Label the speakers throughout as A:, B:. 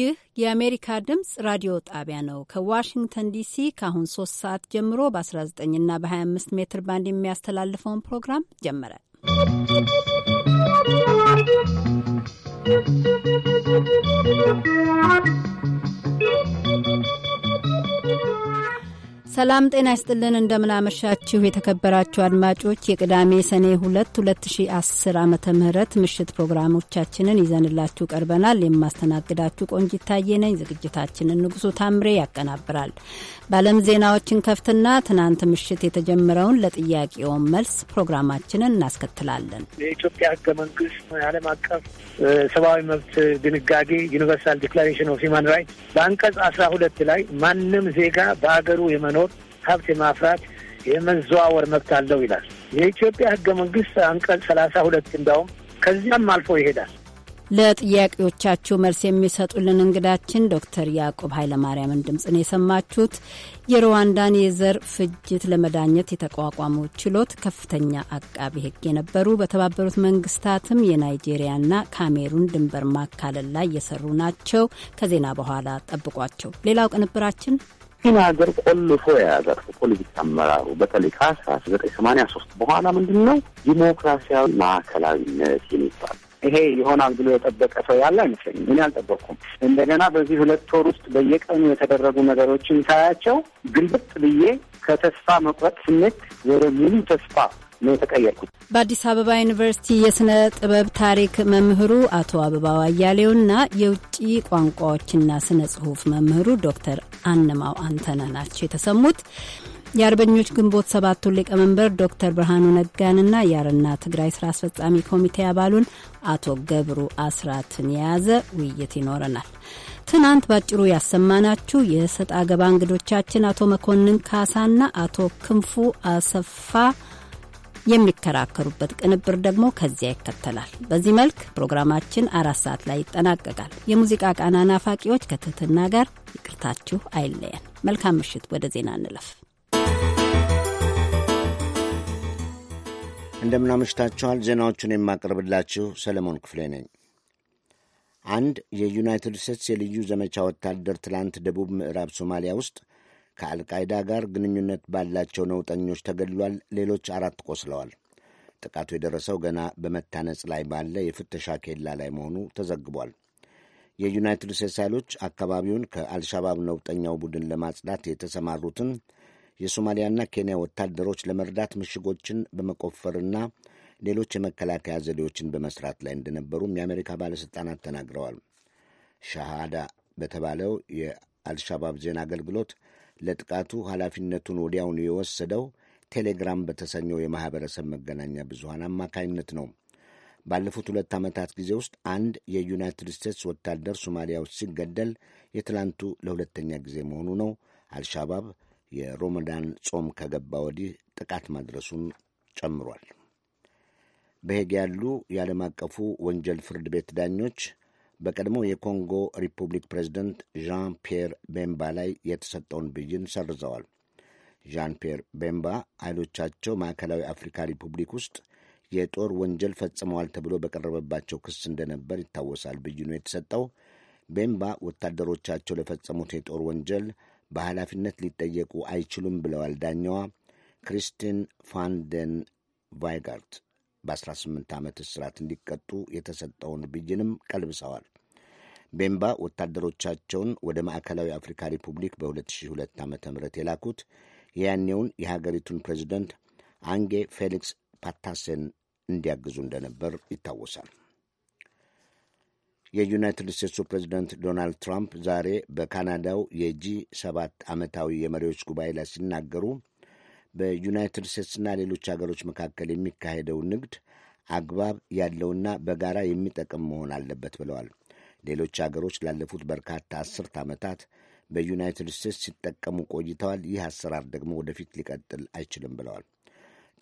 A: ይህ የአሜሪካ ድምፅ ራዲዮ ጣቢያ ነው። ከዋሽንግተን ዲሲ ከአሁን ሶስት ሰዓት ጀምሮ በ19 እና በ25 ሜትር ባንድ የሚያስተላልፈውን ፕሮግራም ጀመረ። ¶¶ ሰላም ጤና ይስጥልን። እንደምናመሻችሁ የተከበራችሁ አድማጮች የቅዳሜ ሰኔ 2 2010 ዓ ም ምሽት ፕሮግራሞቻችንን ይዘንላችሁ ቀርበናል። የማስተናግዳችሁ ቆንጂት ታዬ ነኝ። ዝግጅታችንን ንጉሱ ታምሬ ያቀናብራል። በዓለም ዜናዎችን ከፍትና ትናንት ምሽት የተጀመረውን ለጥያቄው መልስ ፕሮግራማችንን እናስከትላለን።
B: የኢትዮጵያ ህገ መንግስት፣ ዓለም አቀፍ ሰብአዊ መብት ድንጋጌ ዩኒቨርሳል ዲክላሬሽን ኦፍ ሂማን ራይትስ በአንቀጽ አስራ ሁለት ላይ ማንም ዜጋ በሀገሩ የመኖር ሀብት የማፍራት የመዘዋወር መብት አለው ይላል። የኢትዮጵያ ህገ መንግስት አንቀጽ ሰላሳ ሁለት እንዳውም ከዚያም አልፎ ይሄዳል።
A: ለጥያቄዎቻችሁ መልስ የሚሰጡልን እንግዳችን ዶክተር ያዕቆብ ኃይለማርያምን ነው የሰማችሁት የሩዋንዳን የዘር ፍጅት ለመዳኘት የተቋቋመው ችሎት ከፍተኛ አቃቢ ሕግ የነበሩ በተባበሩት መንግስታትም የናይጄሪያና ካሜሩን ድንበር ማካለል ላይ የሰሩ ናቸው። ከዜና በኋላ ጠብቋቸው። ሌላው ቅንብራችን
C: ይህን ሀገር ቆልፎ የያዘ ፖለቲካ አመራሩ በተለይ ከአስራ ዘጠኝ ሰማንያ ሶስት በኋላ ምንድን ነው ዲሞክራሲያዊ ማዕከላዊነት የሚባል ይሄ ይሆናል ብሎ የጠበቀ ሰው ያለ አይመስለኝም። እኔ አልጠበቅኩም። እንደገና በዚህ ሁለት ወር ውስጥ በየቀኑ የተደረጉ ነገሮችን ሳያቸው ግልብጥ ብዬ ከተስፋ መቁረጥ ስሜት ወደ ሙሉ ተስፋ ነው የተቀየርኩት።
A: በአዲስ አበባ ዩኒቨርሲቲ የሥነ ጥበብ ታሪክ መምህሩ አቶ አበባው አያሌውና የውጭ ቋንቋዎችና ስነ ጽሁፍ መምህሩ ዶክተር አንማው አንተና ናቸው የተሰሙት። የአርበኞች ግንቦት ሰባቱን ሊቀመንበር ዶክተር ብርሃኑ ነጋንና የአረና ትግራይ ስራ አስፈጻሚ ኮሚቴ አባሉን አቶ ገብሩ አስራትን የያዘ ውይይት ይኖረናል። ትናንት ባጭሩ ያሰማናችሁ የሰጥ አገባ እንግዶቻችን አቶ መኮንን ካሳና አቶ ክንፉ አሰፋ የሚከራከሩበት ቅንብር ደግሞ ከዚያ ይከተላል። በዚህ መልክ ፕሮግራማችን አራት ሰዓት ላይ ይጠናቀቃል። የሙዚቃ ቃና ናፋቂዎች ከትህትና ጋር ይቅርታችሁ አይለየን። መልካም ምሽት። ወደ ዜና እንለፍ።
D: እንደምናመሽታችኋል። ዜናዎቹን የማቀርብላችሁ ሰለሞን ክፍሌ ነኝ። አንድ የዩናይትድ ስቴትስ የልዩ ዘመቻ ወታደር ትላንት ደቡብ ምዕራብ ሶማሊያ ውስጥ ከአልቃይዳ ጋር ግንኙነት ባላቸው ነውጠኞች ተገድሏል። ሌሎች አራት ቆስለዋል። ጥቃቱ የደረሰው ገና በመታነጽ ላይ ባለ የፍተሻ ኬላ ላይ መሆኑ ተዘግቧል። የዩናይትድ ስቴትስ ኃይሎች አካባቢውን ከአልሻባብ ነውጠኛው ቡድን ለማጽዳት የተሰማሩትን የሶማሊያና ኬንያ ወታደሮች ለመርዳት ምሽጎችን በመቆፈርና ሌሎች የመከላከያ ዘዴዎችን በመስራት ላይ እንደነበሩም የአሜሪካ ባለሥልጣናት ተናግረዋል። ሻሃዳ በተባለው የአልሻባብ ዜና አገልግሎት ለጥቃቱ ኃላፊነቱን ወዲያውኑ የወሰደው ቴሌግራም በተሰኘው የማኅበረሰብ መገናኛ ብዙሃን አማካኝነት ነው። ባለፉት ሁለት ዓመታት ጊዜ ውስጥ አንድ የዩናይትድ ስቴትስ ወታደር ሶማሊያ ውስጥ ሲገደል የትላንቱ ለሁለተኛ ጊዜ መሆኑ ነው። አልሻባብ የሮመዳን ጾም ከገባ ወዲህ ጥቃት ማድረሱን ጨምሯል። በሄግ ያሉ የዓለም አቀፉ ወንጀል ፍርድ ቤት ዳኞች በቀድሞው የኮንጎ ሪፑብሊክ ፕሬዚደንት ዣን ፒየር ቤምባ ላይ የተሰጠውን ብይን ሰርዘዋል። ዣን ፒየር ቤምባ ኃይሎቻቸው ማዕከላዊ አፍሪካ ሪፑብሊክ ውስጥ የጦር ወንጀል ፈጽመዋል ተብሎ በቀረበባቸው ክስ እንደነበር ይታወሳል። ብይኑ የተሰጠው ቤምባ ወታደሮቻቸው ለፈጸሙት የጦር ወንጀል በኃላፊነት ሊጠየቁ አይችሉም ብለዋል ዳኛዋ ክሪስቲን ፋንደን ቫይጋርት። በ18 ዓመት እስራት እንዲቀጡ የተሰጠውን ብይንም ቀልብሰዋል። ቤምባ ወታደሮቻቸውን ወደ ማዕከላዊ አፍሪካ ሪፑብሊክ በ2002 ዓ ም የላኩት የያኔውን የሀገሪቱን ፕሬዚደንት አንጌ ፌሊክስ ፓታሴን እንዲያግዙ እንደነበር ይታወሳል። የዩናይትድ ስቴትሱ ፕሬዚደንት ዶናልድ ትራምፕ ዛሬ በካናዳው የጂ ሰባት ዓመታዊ የመሪዎች ጉባኤ ላይ ሲናገሩ በዩናይትድ ስቴትስና ሌሎች አገሮች መካከል የሚካሄደው ንግድ አግባብ ያለውና በጋራ የሚጠቅም መሆን አለበት ብለዋል። ሌሎች አገሮች ላለፉት በርካታ አስርት ዓመታት በዩናይትድ ስቴትስ ሲጠቀሙ ቆይተዋል። ይህ አሰራር ደግሞ ወደፊት ሊቀጥል አይችልም ብለዋል።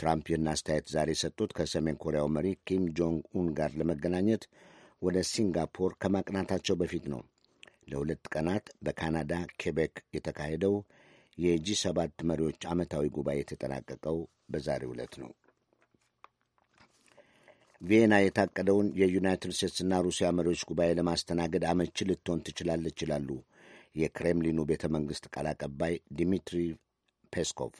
D: ትራምፕ ይህን አስተያየት ዛሬ የሰጡት ከሰሜን ኮሪያው መሪ ኪም ጆንግ ኡን ጋር ለመገናኘት ወደ ሲንጋፖር ከማቅናታቸው በፊት ነው ለሁለት ቀናት በካናዳ ኬቤክ የተካሄደው የጂ ሰባት መሪዎች ዓመታዊ ጉባኤ የተጠናቀቀው በዛሬ ዕለት ነው። ቪየና የታቀደውን የዩናይትድ ስቴትስና ሩሲያ መሪዎች ጉባኤ ለማስተናገድ አመቺ ልትሆን ትችላለች ይላሉ የክሬምሊኑ ቤተ መንግሥት ቃል አቀባይ ዲሚትሪ ፔስኮቭ።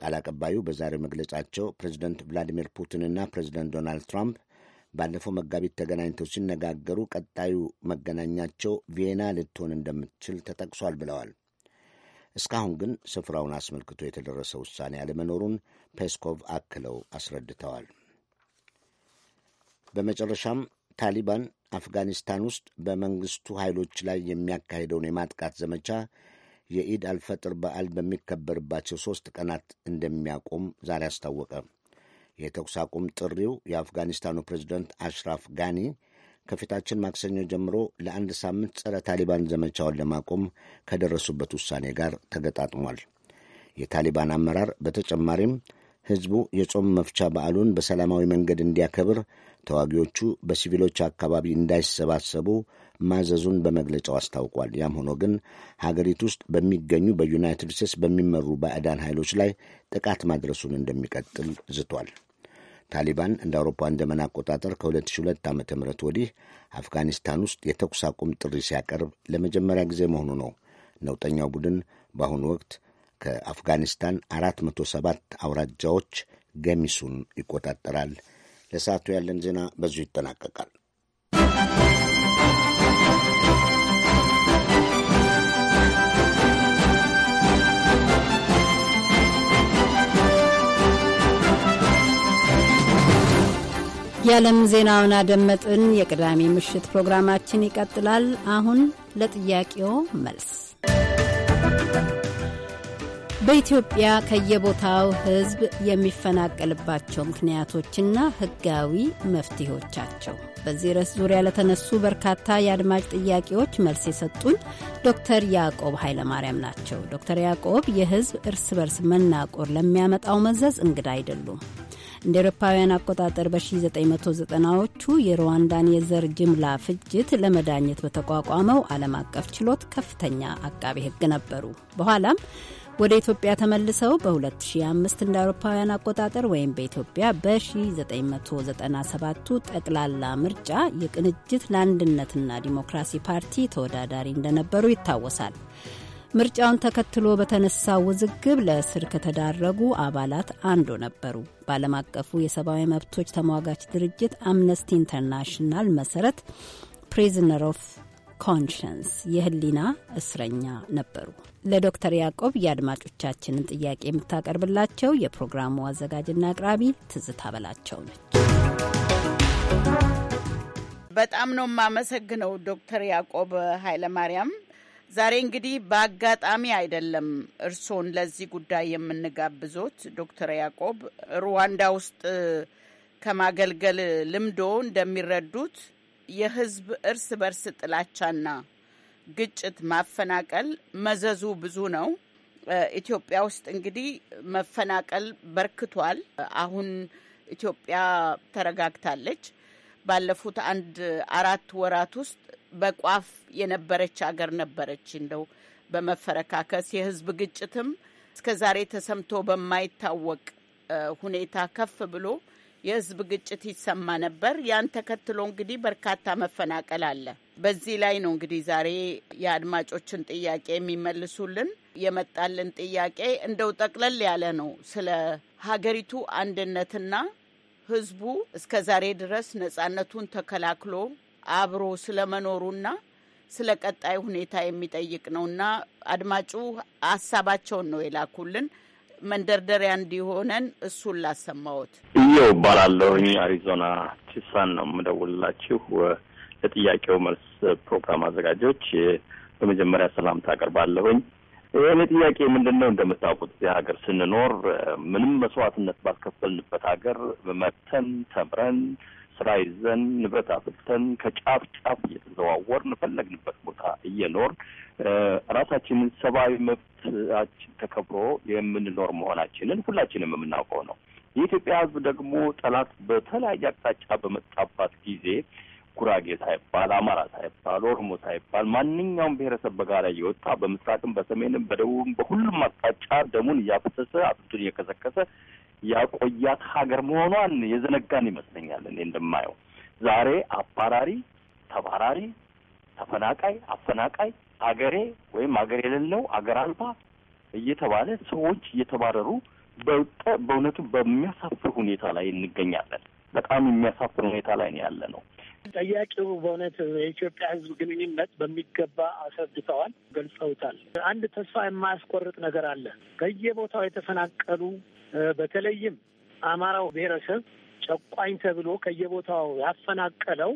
D: ቃል አቀባዩ በዛሬው መግለጫቸው ፕሬዚደንት ቭላዲሚር ፑቲንና ፕሬዚደንት ዶናልድ ትራምፕ ባለፈው መጋቢት ተገናኝተው ሲነጋገሩ ቀጣዩ መገናኛቸው ቪየና ልትሆን እንደምትችል ተጠቅሷል ብለዋል። እስካሁን ግን ስፍራውን አስመልክቶ የተደረሰ ውሳኔ አለመኖሩን ፔስኮቭ አክለው አስረድተዋል። በመጨረሻም ታሊባን አፍጋኒስታን ውስጥ በመንግስቱ ኃይሎች ላይ የሚያካሄደውን የማጥቃት ዘመቻ የኢድ አልፈጥር በዓል በሚከበርባቸው ሦስት ቀናት እንደሚያቆም ዛሬ አስታወቀ። የተኩስ አቁም ጥሪው የአፍጋኒስታኑ ፕሬዚደንት አሽራፍ ጋኒ ከፊታችን ማክሰኞ ጀምሮ ለአንድ ሳምንት ጸረ ታሊባን ዘመቻውን ለማቆም ከደረሱበት ውሳኔ ጋር ተገጣጥሟል። የታሊባን አመራር በተጨማሪም ሕዝቡ የጾም መፍቻ በዓሉን በሰላማዊ መንገድ እንዲያከብር ተዋጊዎቹ በሲቪሎች አካባቢ እንዳይሰባሰቡ ማዘዙን በመግለጫው አስታውቋል። ያም ሆኖ ግን ሀገሪቱ ውስጥ በሚገኙ በዩናይትድ ስቴትስ በሚመሩ ባዕዳን ኃይሎች ላይ ጥቃት ማድረሱን እንደሚቀጥል ዝቷል። ታሊባን እንደ አውሮፓውያን ዘመን አቆጣጠር ከ2002 ዓ ም ወዲህ አፍጋኒስታን ውስጥ የተኩስ አቁም ጥሪ ሲያቀርብ ለመጀመሪያ ጊዜ መሆኑ ነው። ነውጠኛው ቡድን በአሁኑ ወቅት ከአፍጋኒስታን 407 አውራጃዎች ገሚሱን ይቆጣጠራል። ለሰዓቱ ያለን ዜና በዚሁ ይጠናቀቃል።
A: የዓለም ዜናውን አደመጥን። የቅዳሜ ምሽት ፕሮግራማችን ይቀጥላል። አሁን ለጥያቄው መልስ በኢትዮጵያ ከየቦታው ሕዝብ የሚፈናቀልባቸው ምክንያቶችና ሕጋዊ መፍትሄዎቻቸው በዚህ ርዕስ ዙሪያ ለተነሱ በርካታ የአድማጭ ጥያቄዎች መልስ የሰጡን ዶክተር ያዕቆብ ኃይለማርያም ናቸው። ዶክተር ያዕቆብ የሕዝብ እርስ በርስ መናቆር ለሚያመጣው መዘዝ እንግዳ አይደሉም። እንደ ኤሮፓውያን አቆጣጠር በ1990ዎቹ የሩዋንዳን የዘር ጅምላ ፍጅት ለመዳኘት በተቋቋመው ዓለም አቀፍ ችሎት ከፍተኛ አቃቤ ሕግ ነበሩ። በኋላም ወደ ኢትዮጵያ ተመልሰው በ2005 እንደ አውሮፓውያን አቆጣጠር ወይም በኢትዮጵያ በ1997ቱ ጠቅላላ ምርጫ የቅንጅት ለአንድነትና ዲሞክራሲ ፓርቲ ተወዳዳሪ እንደነበሩ ይታወሳል። ምርጫውን ተከትሎ በተነሳው ውዝግብ ለእስር ከተዳረጉ አባላት አንዱ ነበሩ። በዓለም አቀፉ የሰብአዊ መብቶች ተሟጋች ድርጅት አምነስቲ ኢንተርናሽናል መሰረት ፕሪዝነር ኦፍ ኮንሽንስ የህሊና እስረኛ ነበሩ። ለዶክተር ያዕቆብ የአድማጮቻችንን ጥያቄ የምታቀርብላቸው የፕሮግራሙ አዘጋጅና አቅራቢ ትዝታ በላቸው ነች።
E: በጣም ነው የማመሰግነው ዶክተር ያዕቆብ ኃይለማርያም ዛሬ እንግዲህ በአጋጣሚ አይደለም እርስዎን ለዚህ ጉዳይ የምንጋብዞት። ዶክተር ያዕቆብ ሩዋንዳ ውስጥ ከማገልገል ልምዶ እንደሚረዱት የህዝብ እርስ በርስ ጥላቻና ግጭት ማፈናቀል መዘዙ ብዙ ነው። ኢትዮጵያ ውስጥ እንግዲህ መፈናቀል በርክቷል። አሁን ኢትዮጵያ ተረጋግታለች። ባለፉት አንድ አራት ወራት ውስጥ በቋፍ የነበረች አገር ነበረች። እንደው በመፈረካከስ የህዝብ ግጭትም እስከ ዛሬ ተሰምቶ በማይታወቅ ሁኔታ ከፍ ብሎ የህዝብ ግጭት ይሰማ ነበር። ያን ተከትሎ እንግዲህ በርካታ መፈናቀል አለ። በዚህ ላይ ነው እንግዲህ ዛሬ የአድማጮችን ጥያቄ የሚመልሱልን። የመጣልን ጥያቄ እንደው ጠቅለል ያለ ነው። ስለ ሀገሪቱ አንድነትና ህዝቡ እስከ ዛሬ ድረስ ነጻነቱን ተከላክሎ አብሮ ስለመኖሩና ስለ ቀጣይ ሁኔታ የሚጠይቅ ነው እና አድማጩ ሀሳባቸውን ነው የላኩልን። መንደርደሪያ እንዲሆነን እሱን ላሰማዎት።
F: እየው እባላለሁኝ አሪዞና ቺሳን ነው የምደውልላችሁ። ለጥያቄው መልስ ፕሮግራም አዘጋጆች በመጀመሪያ ሰላምታ አቀርባለሁኝ። ይህኔ ጥያቄ ምንድን ነው? እንደምታውቁት እዚህ ሀገር ስንኖር ምንም መስዋዕትነት ባስከፈልንበት ሀገር መተን ተምረን ስራ ይዘን ንብረት አፍርተን ከጫፍ ጫፍ እየተዘዋወርን ፈለግንበት ቦታ እየኖር ራሳችንን ሰብአዊ መብታችን ተከብሮ የምንኖር መሆናችንን ሁላችንም የምናውቀው ነው። የኢትዮጵያ ሕዝብ ደግሞ ጠላት በተለያየ አቅጣጫ በመጣባት ጊዜ ጉራጌ ሳይባል አማራ ሳይባል ኦሮሞ ሳይባል ማንኛውም ብሔረሰብ በጋራ እየወጣ በምስራቅም በሰሜንም በደቡብም በሁሉም አቅጣጫ ደሙን እያፈሰሰ አጥንቱን እየከሰከሰ ያቆያት ሀገር መሆኗን የዘነጋን ይመስለኛል። እኔ እንደማየው ዛሬ አባራሪ፣ ተባራሪ፣ ተፈናቃይ፣ አፈናቃይ፣ አገሬ ወይም አገር የሌለው አገር አልባ እየተባለ ሰዎች እየተባረሩ በእውነቱ በሚያሳፍር ሁኔታ ላይ እንገኛለን። በጣም የሚያሳፍር ሁኔታ ላይ ነው ያለ ነው።
B: ጠያቂው በእውነት የኢትዮጵያ ሕዝብ ግንኙነት በሚገባ አስረድተዋል፣ ገልጸውታል። አንድ ተስፋ የማያስቆርጥ ነገር አለ። ከየቦታው የተፈናቀሉ በተለይም አማራው ብሔረሰብ ጨቋኝ ተብሎ ከየቦታው ያፈናቀለው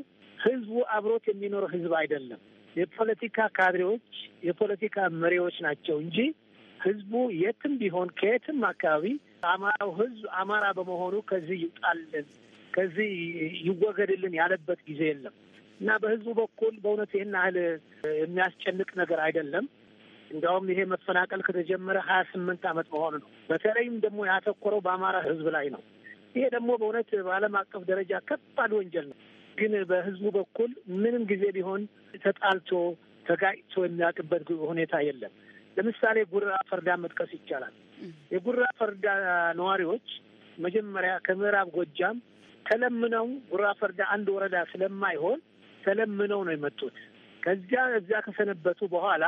B: ህዝቡ አብሮት የሚኖር ህዝብ አይደለም። የፖለቲካ ካድሬዎች፣ የፖለቲካ መሪዎች ናቸው እንጂ ህዝቡ የትም ቢሆን ከየትም አካባቢ አማራው ህዝብ አማራ በመሆኑ ከዚህ ይውጣልን ከዚህ ይወገድልን ያለበት ጊዜ የለም እና በህዝቡ በኩል በእውነት ይህን ያህል የሚያስጨንቅ ነገር አይደለም። እንዲያውም ይሄ መፈናቀል ከተጀመረ ሀያ ስምንት ዓመት መሆኑ ነው። በተለይም ደግሞ ያተኮረው በአማራ ህዝብ ላይ ነው። ይሄ ደግሞ በእውነት በዓለም አቀፍ ደረጃ ከባድ ወንጀል ነው። ግን በህዝቡ በኩል ምንም ጊዜ ቢሆን ተጣልቶ ተጋጭቶ የሚያውቅበት ሁኔታ የለም። ለምሳሌ ጉራ ፈርዳ መጥቀስ ይቻላል። የጉራ ፈርዳ ነዋሪዎች መጀመሪያ ከምዕራብ ጎጃም ተለምነው ጉራ ፈርዳ አንድ ወረዳ ስለማይሆን ተለምነው ነው የመጡት። ከዚያ እዚያ ከሰነበቱ በኋላ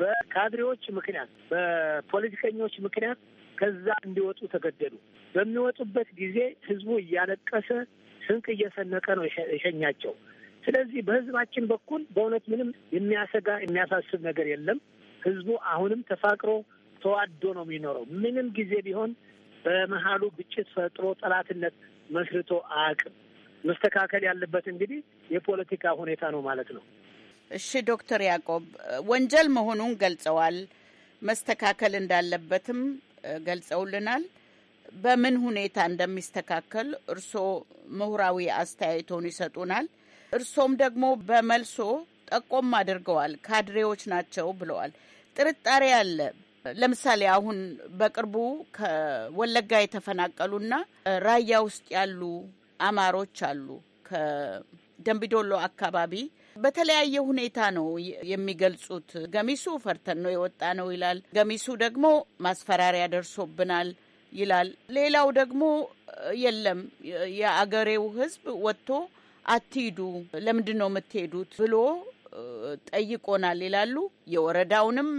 B: በካድሬዎች ምክንያት፣ በፖለቲከኞች ምክንያት ከዛ እንዲወጡ ተገደዱ። በሚወጡበት ጊዜ ህዝቡ እያለቀሰ ስንቅ እየሰነቀ ነው የሸኛቸው። ስለዚህ በህዝባችን በኩል በእውነት ምንም የሚያሰጋ የሚያሳስብ ነገር የለም። ህዝቡ አሁንም ተፋቅሮ ተዋዶ ነው የሚኖረው። ምንም ጊዜ ቢሆን በመሀሉ ግጭት ፈጥሮ ጠላትነት መስርቶ አያውቅም።
E: መስተካከል ያለበት እንግዲህ የፖለቲካ ሁኔታ ነው ማለት ነው። እሺ ዶክተር ያዕቆብ ወንጀል መሆኑን ገልጸዋል። መስተካከል እንዳለበትም ገልጸውልናል። በምን ሁኔታ እንደሚስተካከል እርስዎ ምሁራዊ አስተያየቶን ይሰጡናል። እርስዎም ደግሞ በመልሶ ጠቆም አድርገዋል። ካድሬዎች ናቸው ብለዋል። ጥርጣሬ አለ። ለምሳሌ አሁን በቅርቡ ከወለጋ የተፈናቀሉና ራያ ውስጥ ያሉ አማሮች አሉ። ከደንቢዶሎ አካባቢ በተለያየ ሁኔታ ነው የሚገልጹት። ገሚሱ ፈርተን ነው የወጣ ነው ይላል። ገሚሱ ደግሞ ማስፈራሪያ ደርሶብናል ይላል። ሌላው ደግሞ የለም የአገሬው ሕዝብ ወጥቶ አትሂዱ፣ ለምንድን ነው የምትሄዱት ብሎ ጠይቆናል ይላሉ። የወረዳውንም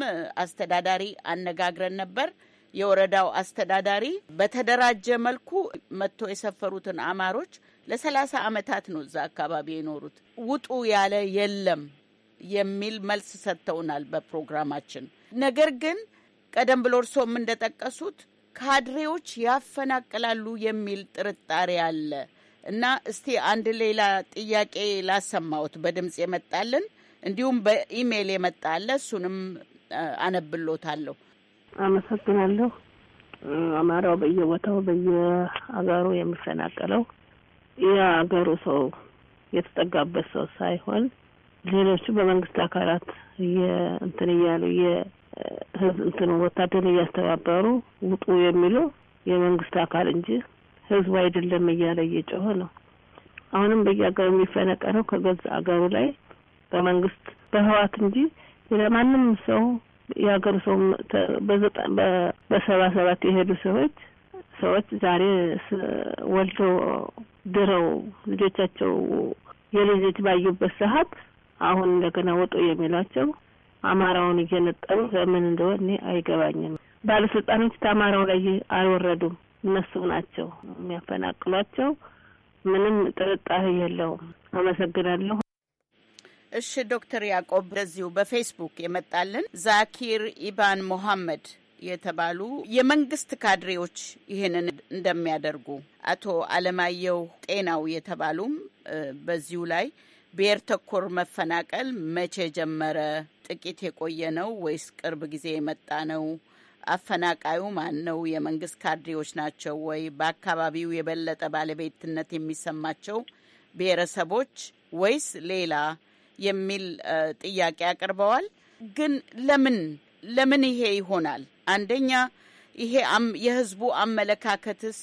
E: አስተዳዳሪ አነጋግረን ነበር። የወረዳው አስተዳዳሪ በተደራጀ መልኩ መጥቶ የሰፈሩትን አማሮች ለሰላሳ ዓመታት ነው እዛ አካባቢ የኖሩት ውጡ ያለ የለም የሚል መልስ ሰጥተውናል በፕሮግራማችን። ነገር ግን ቀደም ብሎ እርሶም እንደጠቀሱት ካድሬዎች ያፈናቅላሉ የሚል ጥርጣሬ አለ እና እስቲ አንድ ሌላ ጥያቄ ላሰማዎት በድምፅ የመጣልን እንዲሁም በኢሜይል የመጣ አለ። እሱንም አነብሎታለሁ።
G: አመሰግናለሁ። አማራው በየቦታው በየአገሩ የሚፈናቀለው የአገሩ ሰው የተጠጋበት ሰው ሳይሆን ሌሎቹ በመንግስት አካላት እንትን እያሉ የህዝብ እንትን ወታደር እያስተባበሩ ውጡ የሚሉ የመንግስት አካል እንጂ ህዝቡ አይደለም እያለ እየጮኸ ነው። አሁንም በየአገሩ የሚፈነቀለው ከገዛ አገሩ ላይ በመንግስት በህዋት እንጂ ለማንም ሰው የሀገሩ ሰው በሰባ ሰባት የሄዱ ሰዎች ሰዎች ዛሬ ወልደው ድረው ልጆቻቸው የልጆች ባዩበት ሰዓት አሁን እንደገና ወጡ የሚሏቸው አማራውን እየነጠሩ ለምን እንደሆነ እኔ አይገባኝም። ባለስልጣኖች ከአማራው ላይ አልወረዱም። እነሱ ናቸው የሚያፈናቅሏቸው። ምንም ጥርጣሬ የለውም። አመሰግናለሁ።
E: እሺ ዶክተር ያዕቆብ እንደዚሁ በፌስቡክ የመጣልን ዛኪር ኢባን ሞሐመድ የተባሉ የመንግስት ካድሬዎች ይህንን እንደሚያደርጉ አቶ አለማየሁ ጤናው የተባሉም በዚሁ ላይ ብሔር ተኮር መፈናቀል መቼ ጀመረ? ጥቂት የቆየ ነው ወይስ ቅርብ ጊዜ የመጣ ነው? አፈናቃዩ ማን ነው? የመንግስት ካድሬዎች ናቸው ወይ? በአካባቢው የበለጠ ባለቤትነት የሚሰማቸው ብሔረሰቦች ወይስ ሌላ የሚል ጥያቄ አቅርበዋል። ግን ለምን ለምን ይሄ ይሆናል? አንደኛ ይሄ የህዝቡ አመለካከትስ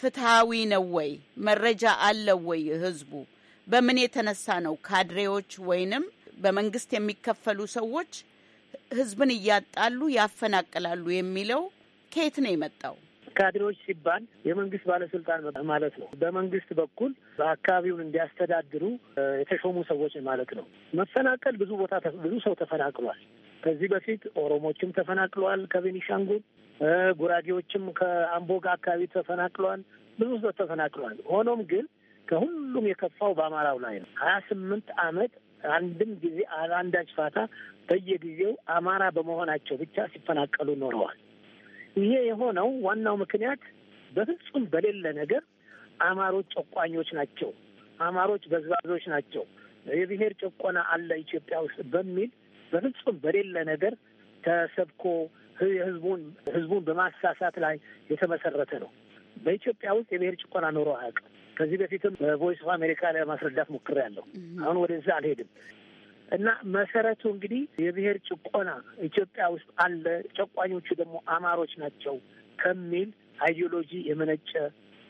E: ፍትሐዊ ነው ወይ? መረጃ አለው ወይ? ህዝቡ በምን የተነሳ ነው ካድሬዎች ወይንም በመንግስት የሚከፈሉ ሰዎች ህዝብን እያጣሉ ያፈናቅላሉ የሚለው ከየት ነው የመጣው?
B: ካድሬዎች ሲባል የመንግስት ባለስልጣን ማለት ነው። በመንግስት በኩል በአካባቢውን እንዲያስተዳድሩ የተሾሙ ሰዎች ማለት ነው። መፈናቀል ብዙ ቦታ ብዙ ሰው ተፈናቅሏል። ከዚህ በፊት ኦሮሞችም ተፈናቅለዋል ከቤኒሻንጉል፣ ጉራጌዎችም ከአምቦጋ አካባቢ ተፈናቅለዋል። ብዙ ሰው ተፈናቅለዋል። ሆኖም ግን ከሁሉም የከፋው በአማራው ላይ ነው። ሀያ ስምንት አመት አንድም ጊዜ አንዳች ፋታ በየጊዜው አማራ በመሆናቸው ብቻ ሲፈናቀሉ ኖረዋል። ይሄ የሆነው ዋናው ምክንያት በፍጹም በሌለ ነገር አማሮች ጨቋኞች ናቸው፣ አማሮች በዝባዞች ናቸው፣ የብሔር ጭቆና አለ ኢትዮጵያ ውስጥ በሚል በፍጹም በሌለ ነገር ተሰብኮ ህዝቡን ህዝቡን በማሳሳት ላይ የተመሰረተ ነው። በኢትዮጵያ ውስጥ የብሔር ጭቆና ኖሮ አያውቅም። ከዚህ በፊትም በቮይስ ኦፍ አሜሪካ ለማስረዳት ማስረዳት ሞክሬያለሁ። አሁን ወደዛ አልሄድም። እና መሰረቱ እንግዲህ የብሔር ጭቆና ኢትዮጵያ ውስጥ አለ፣ ጨቋኞቹ ደግሞ አማሮች ናቸው ከሚል አይዲዮሎጂ የመነጨ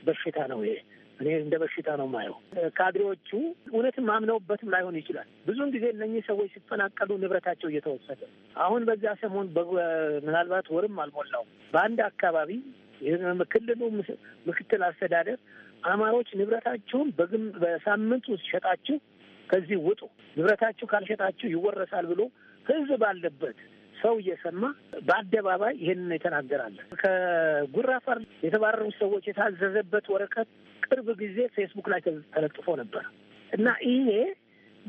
B: በሽታ ነው ይሄ። እኔ እንደ በሽታ ነው ማየው። ካድሬዎቹ እውነትም ማምነውበትም ላይሆን ይችላል። ብዙን ጊዜ እነኚህ ሰዎች ሲፈናቀሉ ንብረታቸው እየተወሰደ አሁን በዚያ ሰሞን ምናልባት ወርም አልሞላው በአንድ አካባቢ ክልሉ ምክትል አስተዳደር አማሮች ንብረታችሁን በግም በሳምንት ውስጥ ሸጣችሁ ከዚህ ውጡ፣ ንብረታችሁ ካልሸጣችሁ ይወረሳል ብሎ ህዝብ ባለበት ሰው እየሰማ በአደባባይ ይህንን የተናገራለ ከጉራፋር የተባረሩ ሰዎች የታዘዘበት ወረቀት ቅርብ ጊዜ ፌስቡክ ላይ ተለጥፎ ነበር እና ይሄ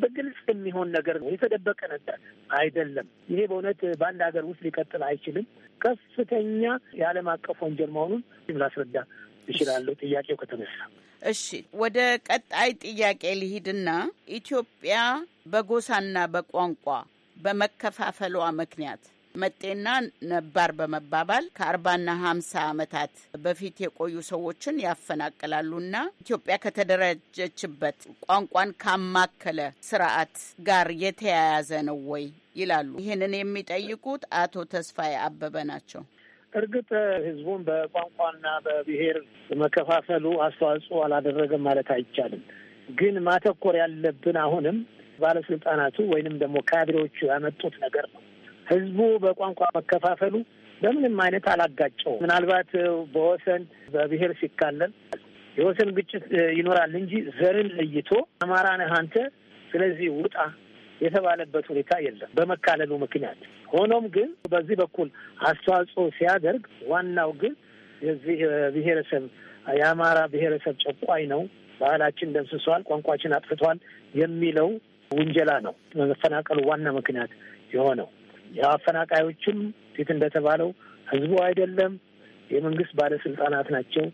B: በግልጽ የሚሆን ነገር ነው፣ የተደበቀ ነገር አይደለም። ይሄ በእውነት በአንድ ሀገር ውስጥ ሊቀጥል አይችልም። ከፍተኛ የዓለም አቀፍ ወንጀል መሆኑን ላስረዳ እችላለሁ ጥያቄው ከተነሳ
E: እሺ ወደ ቀጣይ ጥያቄ ሊሂድና ኢትዮጵያ በጎሳና በቋንቋ በመከፋፈሏ ምክንያት መጤና ነባር በመባባል ከአርባና ሀምሳ ዓመታት በፊት የቆዩ ሰዎችን ያፈናቅላሉና ኢትዮጵያ ከተደራጀችበት ቋንቋን ካማከለ ስርዓት ጋር የተያያዘ ነው ወይ ይላሉ። ይህንን የሚጠይቁት አቶ ተስፋዬ አበበ ናቸው።
B: እርግጥ ህዝቡን በቋንቋና በብሔር መከፋፈሉ አስተዋጽኦ አላደረገም ማለት አይቻልም። ግን ማተኮር ያለብን አሁንም ባለስልጣናቱ ወይንም ደግሞ ካድሬዎቹ ያመጡት ነገር ነው። ህዝቡ በቋንቋ መከፋፈሉ በምንም አይነት አላጋጨው። ምናልባት በወሰን በብሔር ሲካለል የወሰን ግጭት ይኖራል እንጂ ዘርን ለይቶ አማራ ነህ አንተ ስለዚህ ውጣ የተባለበት ሁኔታ የለም በመካለሉ ምክንያት። ሆኖም ግን በዚህ በኩል አስተዋጽኦ ሲያደርግ ዋናው ግን የዚህ ብሔረሰብ የአማራ ብሔረሰብ ጨቋኝ ነው፣ ባህላችን ደምስሷል፣ ቋንቋችን አጥፍቷል የሚለው ውንጀላ ነው በመፈናቀሉ ዋና ምክንያት የሆነው። የአፈናቃዮችም ፊት እንደተባለው ህዝቡ አይደለም የመንግስት ባለስልጣናት ናቸው።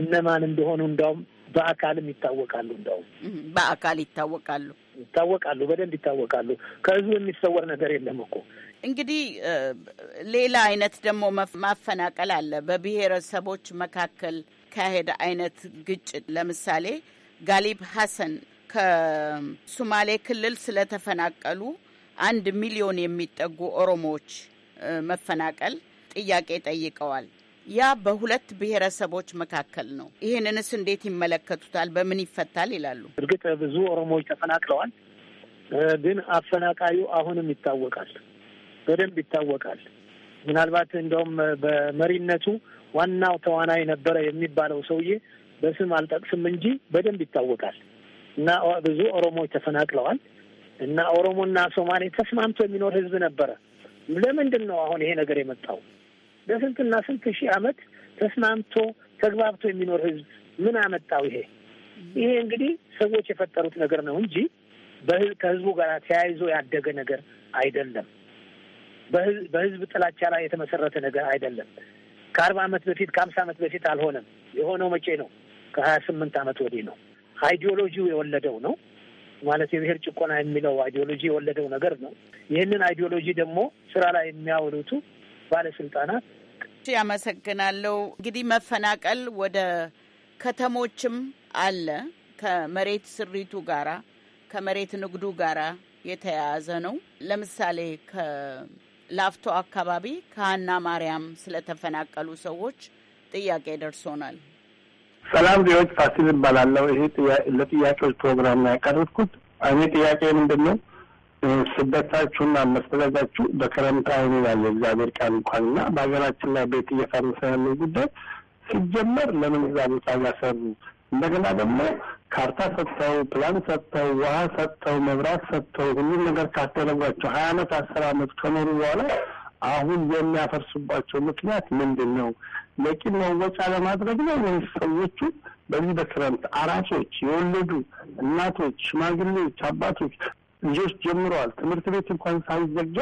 B: እነማን እንደሆኑ እንዳውም በአካልም ይታወቃሉ። እንደውም በአካል ይታወቃሉ ይታወቃሉ፣ በደንብ ይታወቃሉ። ከህዝቡ የሚሰወር ነገር የለም እኮ።
E: እንግዲህ ሌላ አይነት ደግሞ ማፈናቀል አለ በብሔረሰቦች መካከል ካሄደ አይነት ግጭት ለምሳሌ ጋሊብ ሀሰን ከሱማሌ ክልል ስለተፈናቀሉ አንድ ሚሊዮን የሚጠጉ ኦሮሞዎች መፈናቀል ጥያቄ ጠይቀዋል። ያ በሁለት ብሔረሰቦች መካከል ነው። ይህንንስ እንዴት ይመለከቱታል? በምን ይፈታል ይላሉ?
B: እርግጥ ብዙ ኦሮሞዎች ተፈናቅለዋል። ግን አፈናቃዩ አሁንም ይታወቃል፣ በደንብ ይታወቃል። ምናልባት እንደውም በመሪነቱ ዋናው ተዋናይ ነበረ የሚባለው ሰውዬ በስም አልጠቅስም እንጂ በደንብ ይታወቃል። እና ብዙ ኦሮሞዎች ተፈናቅለዋል። እና ኦሮሞና ሶማሌ ተስማምቶ የሚኖር ህዝብ ነበረ። ለምንድን ነው አሁን ይሄ ነገር የመጣው? ለስንትና ስንት ሺህ ዓመት ተስማምቶ ተግባብቶ የሚኖር ህዝብ ምን አመጣው? ይሄ ይሄ እንግዲህ ሰዎች የፈጠሩት ነገር ነው እንጂ ከህዝቡ ጋር ተያይዞ ያደገ ነገር አይደለም። በህዝብ ጥላቻ ላይ የተመሰረተ ነገር አይደለም። ከአርባ ዓመት በፊት ከአምሳ ዓመት በፊት አልሆነም። የሆነው መቼ ነው? ከሀያ ስምንት ዓመት ወዲህ ነው። አይዲዮሎጂው የወለደው ነው ማለት የብሔር ጭቆና የሚለው አይዲዮሎጂ የወለደው ነገር ነው። ይህንን አይዲዮሎጂ ደግሞ ስራ ላይ የሚያውሉቱ ባለስልጣናት።
E: ያመሰግናለሁ። እንግዲህ መፈናቀል ወደ ከተሞችም አለ ከመሬት ስሪቱ ጋራ ከመሬት ንግዱ ጋራ የተያያዘ ነው። ለምሳሌ ከላፍቶ አካባቢ ከሀና ማርያም ስለተፈናቀሉ ሰዎች ጥያቄ ደርሶናል።
H: ሰላም ዜዎች ፋሲል እባላለሁ። ይሄ ለጥያቄዎች ፕሮግራም ነው ያቀረብኩት። እኔ ጥያቄ ምንድን ነው ስደታችሁና መሰደዳችሁ በክረምት አይኑ ያለ እግዚአብሔር ቃል እንኳን እንኳንና በሀገራችን ላይ ቤት እየፈረሰ ያለው ጉዳይ ሲጀመር ለምን እዛ ቦታ ያሰሩ እንደገና ደግሞ ካርታ ሰጥተው ፕላን ሰጥተው ውሃ ሰጥተው መብራት ሰጥተው ሁሉም ነገር ካደረጓቸው ሀያ አመት አስር አመት ከኖሩ በኋላ አሁን የሚያፈርሱባቸው ምክንያት ምንድን ነው? ለቂ መወጫ ለማድረግ ነው ወይስ ሰዎቹ በዚህ በክረምት አራሶች የወለዱ እናቶች፣ ሽማግሌዎች፣ አባቶች ልጆች ጀምረዋል። ትምህርት ቤት እንኳን ሳይዘጋ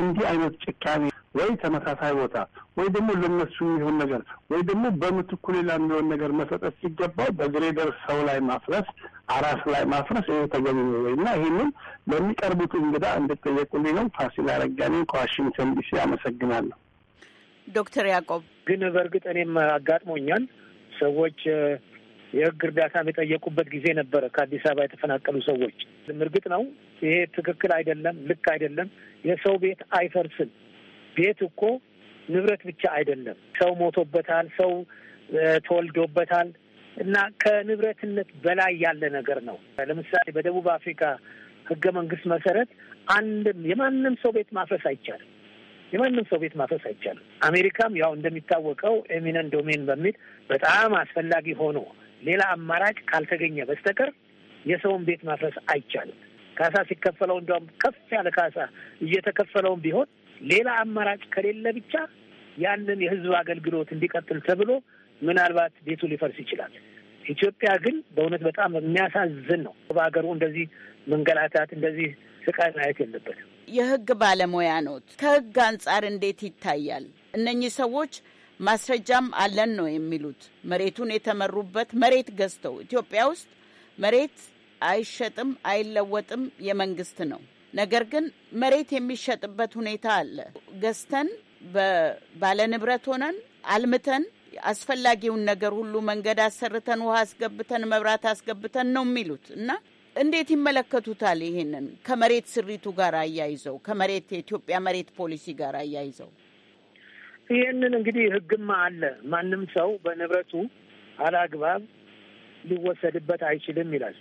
H: እንዲህ አይነት ጭካኔ ወይ ተመሳሳይ ቦታ ወይ ደግሞ ለነሱ የሚሆን ነገር ወይ ደግሞ በምትኩ ሌላ የሚሆን ነገር መሰጠት ሲገባው በግሬደር ሰው ላይ ማፍረስ፣ አራስ ላይ ማፍረስ ይህ ተገቢ ነው ወይ እና ይህንም ለሚቀርቡት እንግዳ እንድጠየቁልኝ ነው። ፋሲል አረጋኔ ከዋሽንግተን ዲሲ አመሰግናለሁ።
E: ዶክተር ያዕቆብ ግን በእርግጥ
B: እኔም አጋጥሞኛል ሰዎች የህግ እርዳታ የጠየቁበት ጊዜ ነበረ ከአዲስ አበባ የተፈናቀሉ ሰዎች። እርግጥ ነው ይሄ ትክክል አይደለም፣ ልክ አይደለም። የሰው ቤት አይፈርስም። ቤት እኮ ንብረት ብቻ አይደለም። ሰው ሞቶበታል፣ ሰው ተወልዶበታል እና ከንብረትነት በላይ ያለ ነገር ነው። ለምሳሌ በደቡብ አፍሪካ ህገ መንግስት መሰረት አንድም የማንም ሰው ቤት ማፍረስ አይቻልም። የማንም ሰው ቤት ማፈስ አይቻልም። አሜሪካም ያው እንደሚታወቀው ኤሚነን ዶሜን በሚል በጣም አስፈላጊ ሆኖ ሌላ አማራጭ ካልተገኘ በስተቀር የሰውን ቤት ማፍረስ አይቻልም። ካሳ ሲከፈለው እንዲያውም ከፍ ያለ ካሳ እየተከፈለውም ቢሆን ሌላ አማራጭ ከሌለ ብቻ ያንን የህዝብ አገልግሎት እንዲቀጥል ተብሎ ምናልባት ቤቱ ሊፈርስ ይችላል። ኢትዮጵያ ግን በእውነት በጣም የሚያሳዝን ነው። በሀገሩ እንደዚህ መንገላታት፣ እንደዚህ ስቃይ ማየት የለበትም።
E: የህግ ባለሙያ ኖት፣ ከህግ አንጻር እንዴት ይታያል? እነኚህ ሰዎች ማስረጃም አለን ነው የሚሉት። መሬቱን የተመሩበት መሬት ገዝተው ኢትዮጵያ ውስጥ መሬት አይሸጥም አይለወጥም፣ የመንግስት ነው። ነገር ግን መሬት የሚሸጥበት ሁኔታ አለ። ገዝተን ባለንብረት ሆነን አልምተን አስፈላጊውን ነገር ሁሉ መንገድ አሰርተን ውሃ አስገብተን መብራት አስገብተን ነው የሚሉት እና እንዴት ይመለከቱታል? ይህንን ከመሬት ስሪቱ ጋር አያይዘው ከመሬት የኢትዮጵያ መሬት ፖሊሲ ጋር አያይዘው
B: ይህንን እንግዲህ ህግማ አለ። ማንም ሰው በንብረቱ አላግባብ ሊወሰድበት አይችልም ይላል።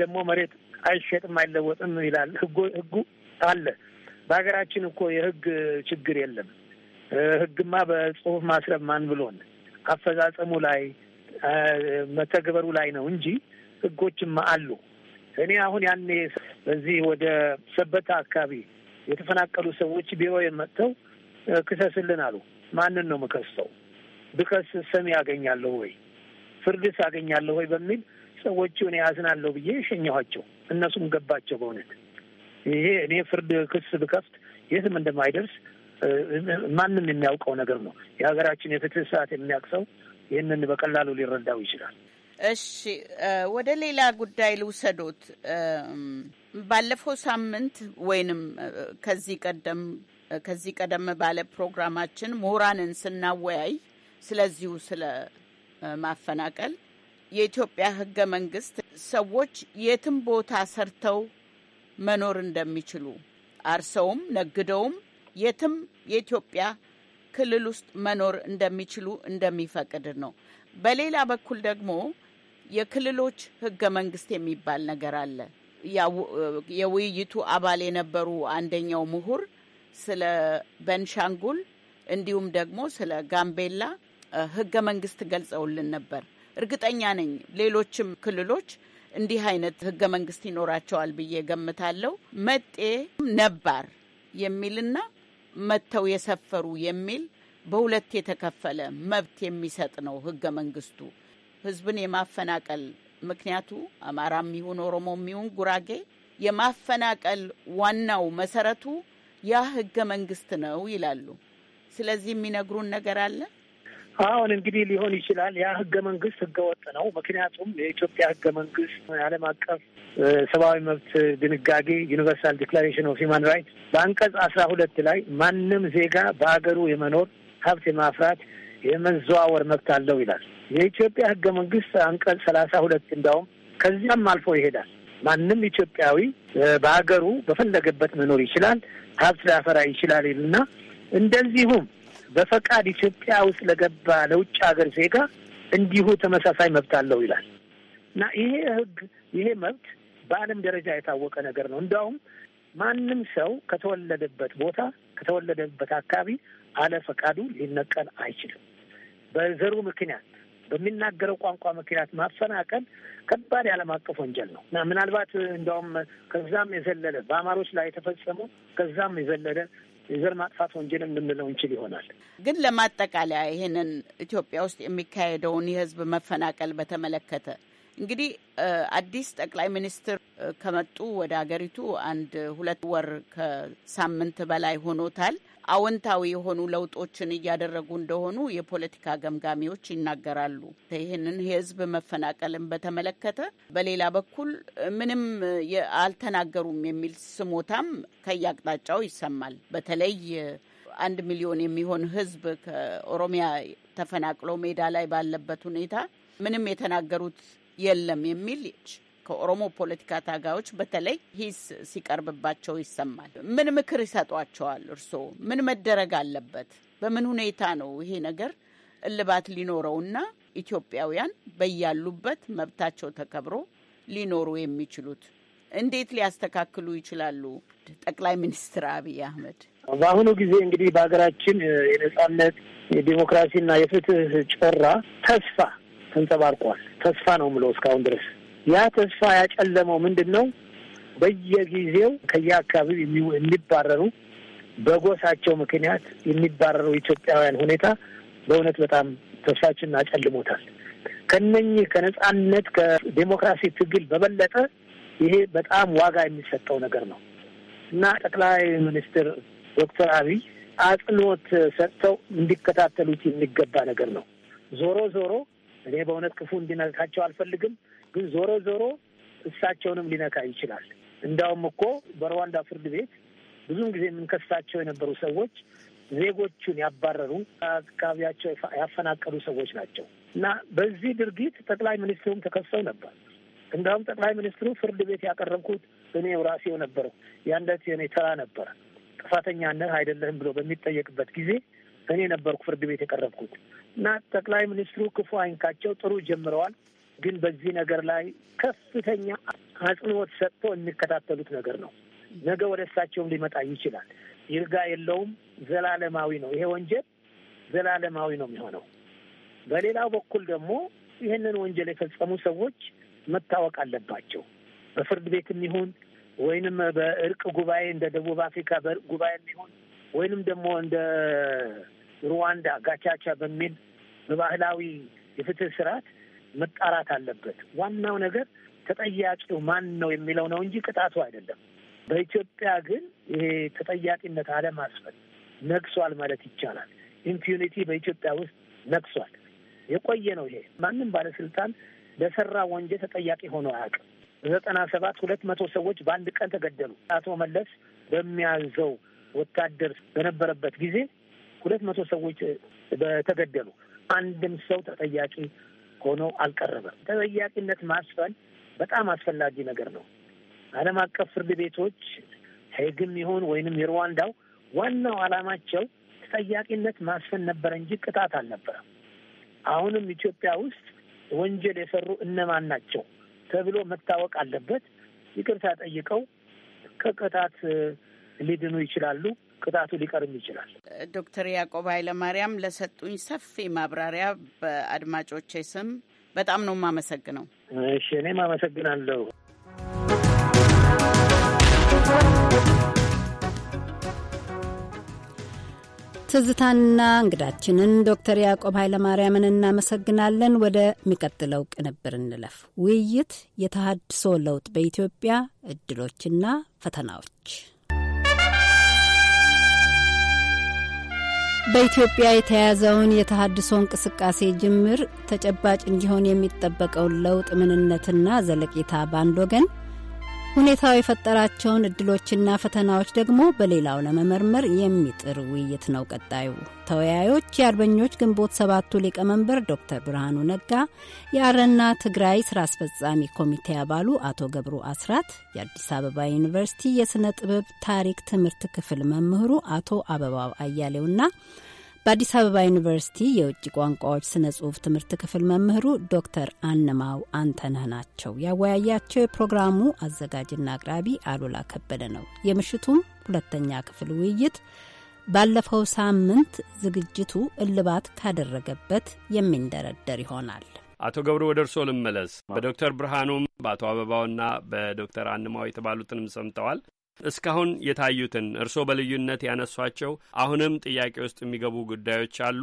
B: ደግሞ መሬት አይሸጥም አይለወጥም ይላል። ህጉ አለ። በሀገራችን እኮ የህግ ችግር የለም። ህግማ በጽሁፍ ማስረብ ማን ብሎን አፈጻጸሙ ላይ መተግበሩ ላይ ነው እንጂ ህጎችማ አሉ። እኔ አሁን ያኔ በዚህ ወደ ሰበታ አካባቢ የተፈናቀሉ ሰዎች ቢሮ የመጥተው ክሰስልን አሉ። ማንን ነው ምከሰው? ብከስ ሰሚ ያገኛለሁ ወይ ፍርድስ አገኛለሁ ወይ በሚል እኔ ያዝናለሁ ብዬ ሸኘኋቸው። እነሱም ገባቸው። በእውነት ይሄ እኔ ፍርድ ክስ ብከፍት የትም እንደማይደርስ ማንም የሚያውቀው ነገር ነው። የሀገራችን የፍትህ ስርዓት የሚያውቅ ሰው ይህንን በቀላሉ ሊረዳው ይችላል።
E: እሺ፣ ወደ ሌላ ጉዳይ ልውሰዶት። ባለፈው ሳምንት ወይንም ከዚህ ቀደም ከዚህ ቀደም ባለ ፕሮግራማችን ምሁራንን ስናወያይ ስለዚሁ ስለ ማፈናቀል የኢትዮጵያ ሕገ መንግስት ሰዎች የትም ቦታ ሰርተው መኖር እንደሚችሉ አርሰውም ነግደውም የትም የኢትዮጵያ ክልል ውስጥ መኖር እንደሚችሉ እንደሚፈቅድ ነው። በሌላ በኩል ደግሞ የክልሎች ሕገ መንግስት የሚባል ነገር አለ። የውይይቱ አባል የነበሩ አንደኛው ምሁር ስለ በንሻንጉል እንዲሁም ደግሞ ስለ ጋምቤላ ህገ መንግስት ገልጸውልን ነበር። እርግጠኛ ነኝ ሌሎችም ክልሎች እንዲህ አይነት ህገ መንግስት ይኖራቸዋል ብዬ ገምታለሁ። መጤ ነባር የሚልና መጥተው የሰፈሩ የሚል በሁለት የተከፈለ መብት የሚሰጥ ነው ህገ መንግስቱ። ህዝብን የማፈናቀል ምክንያቱ አማራም ይሁን ኦሮሞም ይሁን ጉራጌ የማፈናቀል ዋናው መሰረቱ ያ ህገ መንግስት ነው ይላሉ። ስለዚህ የሚነግሩን ነገር አለ። አሁን
B: እንግዲህ ሊሆን ይችላል። ያ ህገ መንግስት ህገ ወጥ ነው። ምክንያቱም የኢትዮጵያ ህገ መንግስት የዓለም አቀፍ ሰብአዊ መብት ድንጋጌ ዩኒቨርሳል ዲክላሬሽን ኦፍ ሂማን ራይትስ በአንቀጽ አስራ ሁለት ላይ ማንም ዜጋ በሀገሩ የመኖር ሀብት የማፍራት የመዘዋወር መብት አለው ይላል። የኢትዮጵያ ህገ መንግስት አንቀጽ ሰላሳ ሁለት እንዳውም ከዚያም አልፎ ይሄዳል። ማንም ኢትዮጵያዊ በሀገሩ በፈለገበት መኖር ይችላል፣ ሀብት ሊያፈራ ይችላል ይልና እንደዚሁም በፈቃድ ኢትዮጵያ ውስጥ ለገባ ለውጭ ሀገር ዜጋ እንዲሁ ተመሳሳይ መብት አለው ይላል እና ይሄ ህግ ይሄ መብት በዓለም ደረጃ የታወቀ ነገር ነው። እንዲያውም ማንም ሰው ከተወለደበት ቦታ ከተወለደበት አካባቢ አለ ፈቃዱ ሊነቀል አይችልም። በዘሩ ምክንያት በሚናገረው ቋንቋ ምክንያት ማፈናቀል ከባድ የዓለም አቀፍ ወንጀል ነው እና ምናልባት እንደውም ከዛም የዘለለ በአማሮች ላይ የተፈጸሙ ከዛም የዘለለ የዘር ማጥፋት ወንጀል የምንለው እንችል ይሆናል።
E: ግን ለማጠቃለያ ይህንን ኢትዮጵያ ውስጥ የሚካሄደውን የህዝብ መፈናቀል በተመለከተ እንግዲህ አዲስ ጠቅላይ ሚኒስትር ከመጡ ወደ ሀገሪቱ አንድ ሁለት ወር ከሳምንት በላይ ሆኖታል። አዎንታዊ የሆኑ ለውጦችን እያደረጉ እንደሆኑ የፖለቲካ ገምጋሚዎች ይናገራሉ። ይህንን የህዝብ መፈናቀልን በተመለከተ በሌላ በኩል ምንም አልተናገሩም የሚል ስሞታም ከየአቅጣጫው ይሰማል። በተለይ አንድ ሚሊዮን የሚሆን ህዝብ ከኦሮሚያ ተፈናቅሎ ሜዳ ላይ ባለበት ሁኔታ ምንም የተናገሩት የለም የሚል ከኦሮሞ ፖለቲካ ታጋዮች በተለይ ሂስ ሲቀርብባቸው ይሰማል። ምን ምክር ይሰጧቸዋል? እርስዎ ምን መደረግ አለበት? በምን ሁኔታ ነው ይሄ ነገር እልባት ሊኖረውና ኢትዮጵያውያን በያሉበት መብታቸው ተከብሮ ሊኖሩ የሚችሉት እንዴት ሊያስተካክሉ ይችላሉ? ጠቅላይ ሚኒስትር አብይ አህመድ
B: በአሁኑ ጊዜ እንግዲህ በሀገራችን የነጻነት የዲሞክራሲና የፍትህ ጮራ ተስፋ ተንጸባርቋል። ተስፋ ነው ምለው እስካሁን ድረስ ያ ተስፋ ያጨለመው ምንድን ነው? በየጊዜው ከየአካባቢው የሚባረሩ በጎሳቸው ምክንያት የሚባረሩ ኢትዮጵያውያን ሁኔታ በእውነት በጣም ተስፋችን አጨልሞታል። ከነኚህ ከነጻነት ከዴሞክራሲ ትግል በበለጠ ይሄ በጣም ዋጋ የሚሰጠው ነገር ነው እና ጠቅላይ ሚኒስትር ዶክተር አብይ አጽንኦት ሰጥተው እንዲከታተሉት የሚገባ ነገር ነው። ዞሮ ዞሮ እኔ በእውነት ክፉ እንዲነካቸው አልፈልግም። ግን ዞሮ ዞሮ እሳቸውንም ሊነካ ይችላል። እንዳውም እኮ በሩዋንዳ ፍርድ ቤት ብዙም ጊዜ የምንከሳቸው የነበሩ ሰዎች ዜጎቹን ያባረሩ፣ አካባቢያቸው ያፈናቀሉ ሰዎች ናቸው እና በዚህ ድርጊት ጠቅላይ ሚኒስትሩም ተከሰው ነበር። እንዳውም ጠቅላይ ሚኒስትሩ ፍርድ ቤት ያቀረብኩት እኔው ራሴው ነበር። ያንደት የኔ ተራ ነበር። ጥፋተኛነት አይደለህም ብሎ በሚጠየቅበት ጊዜ እኔ ነበርኩ ፍርድ ቤት የቀረብኩት እና ጠቅላይ ሚኒስትሩ ክፉ አይንካቸው፣ ጥሩ ጀምረዋል። ግን በዚህ ነገር ላይ ከፍተኛ አጽንኦት ሰጥቶ የሚከታተሉት ነገር ነው። ነገ ወደ እሳቸውም ሊመጣ ይችላል። ይርጋ የለውም። ዘላለማዊ ነው። ይሄ ወንጀል ዘላለማዊ ነው የሚሆነው። በሌላው በኩል ደግሞ ይህንን ወንጀል የፈጸሙ ሰዎች መታወቅ አለባቸው። በፍርድ ቤትም ይሁን ወይንም በእርቅ ጉባኤ እንደ ደቡብ አፍሪካ በእርቅ ጉባኤ ይሁን ወይንም ደግሞ እንደ ሩዋንዳ ጋቻቻ በሚል በባህላዊ የፍትህ ስርዓት መጣራት አለበት። ዋናው ነገር ተጠያቂው ማን ነው የሚለው ነው እንጂ ቅጣቱ አይደለም። በኢትዮጵያ ግን ይሄ ተጠያቂነት አለማስፈን ነግሷል ማለት ይቻላል። ኢምፒዩኒቲ በኢትዮጵያ ውስጥ ነግሷል። የቆየ ነው ይሄ። ማንም ባለስልጣን ለሰራ ወንጀል ተጠያቂ ሆኖ አያውቅም። በዘጠና ሰባት ሁለት መቶ ሰዎች በአንድ ቀን ተገደሉ። አቶ መለስ በሚያዘው ወታደር በነበረበት ጊዜ ሁለት መቶ ሰዎች ተገደሉ። አንድም ሰው ተጠያቂ ሆኖ አልቀረበም። ተጠያቂነት ማስፈን በጣም አስፈላጊ ነገር ነው። ዓለም አቀፍ ፍርድ ቤቶች ሄግም ይሁን ወይንም የሩዋንዳው ዋናው ዓላማቸው ተጠያቂነት ማስፈን ነበረ እንጂ ቅጣት አልነበረም። አሁንም ኢትዮጵያ ውስጥ ወንጀል የሰሩ እነማን ናቸው ተብሎ መታወቅ አለበት። ይቅርታ ጠይቀው ከቅጣት ሊድኑ ይችላሉ። ቅጣቱ ሊቀርም
E: ይችላል። ዶክተር ያዕቆብ ኃይለማርያም ለሰጡኝ ሰፊ ማብራሪያ በአድማጮቼ ስም በጣም ነው የማመሰግነው። እሺ እኔም አመሰግናለሁ።
A: ትዝታና እንግዳችንን ዶክተር ያዕቆብ ኃይለማርያምን እናመሰግናለን። ወደ ሚቀጥለው ቅንብር እንለፍ። ውይይት የተሃድሶ ለውጥ በኢትዮጵያ እድሎችና ፈተናዎች በኢትዮጵያ የተያዘውን የተሃድሶ እንቅስቃሴ ጅምር ተጨባጭ እንዲሆን የሚጠበቀውን ለውጥ ምንነትና ዘለቄታ በአንድ ወገን ሁኔታው የፈጠራቸውን እድሎችና ፈተናዎች ደግሞ በሌላው ለመመርመር የሚጥር ውይይት ነው ቀጣዩ። ተወያዮች የአርበኞች ግንቦት ሰባቱ ሊቀመንበር ዶክተር ብርሃኑ ነጋ፣ የአረና ትግራይ ስራ አስፈጻሚ ኮሚቴ አባሉ አቶ ገብሩ አስራት፣ የአዲስ አበባ ዩኒቨርሲቲ የሥነ ጥበብ ታሪክ ትምህርት ክፍል መምህሩ አቶ አበባው አያሌውና በአዲስ አበባ ዩኒቨርሲቲ የውጭ ቋንቋዎች ስነ ጽሁፍ ትምህርት ክፍል መምህሩ ዶክተር አንማው አንተነህ ናቸው። ያወያያቸው የፕሮግራሙ አዘጋጅና አቅራቢ አሉላ ከበደ ነው። የምሽቱም ሁለተኛ ክፍል ውይይት ባለፈው ሳምንት ዝግጅቱ እልባት ካደረገበት የሚንደረደር ይሆናል።
I: አቶ ገብሩ ወደ እርስዎ ልመለስ። በዶክተር ብርሃኑም በአቶ አበባውና በዶክተር አንማው የተባሉትንም ሰምተዋል። እስካሁን የታዩትን እርስዎ በልዩነት ያነሷቸው አሁንም ጥያቄ ውስጥ የሚገቡ ጉዳዮች አሉ።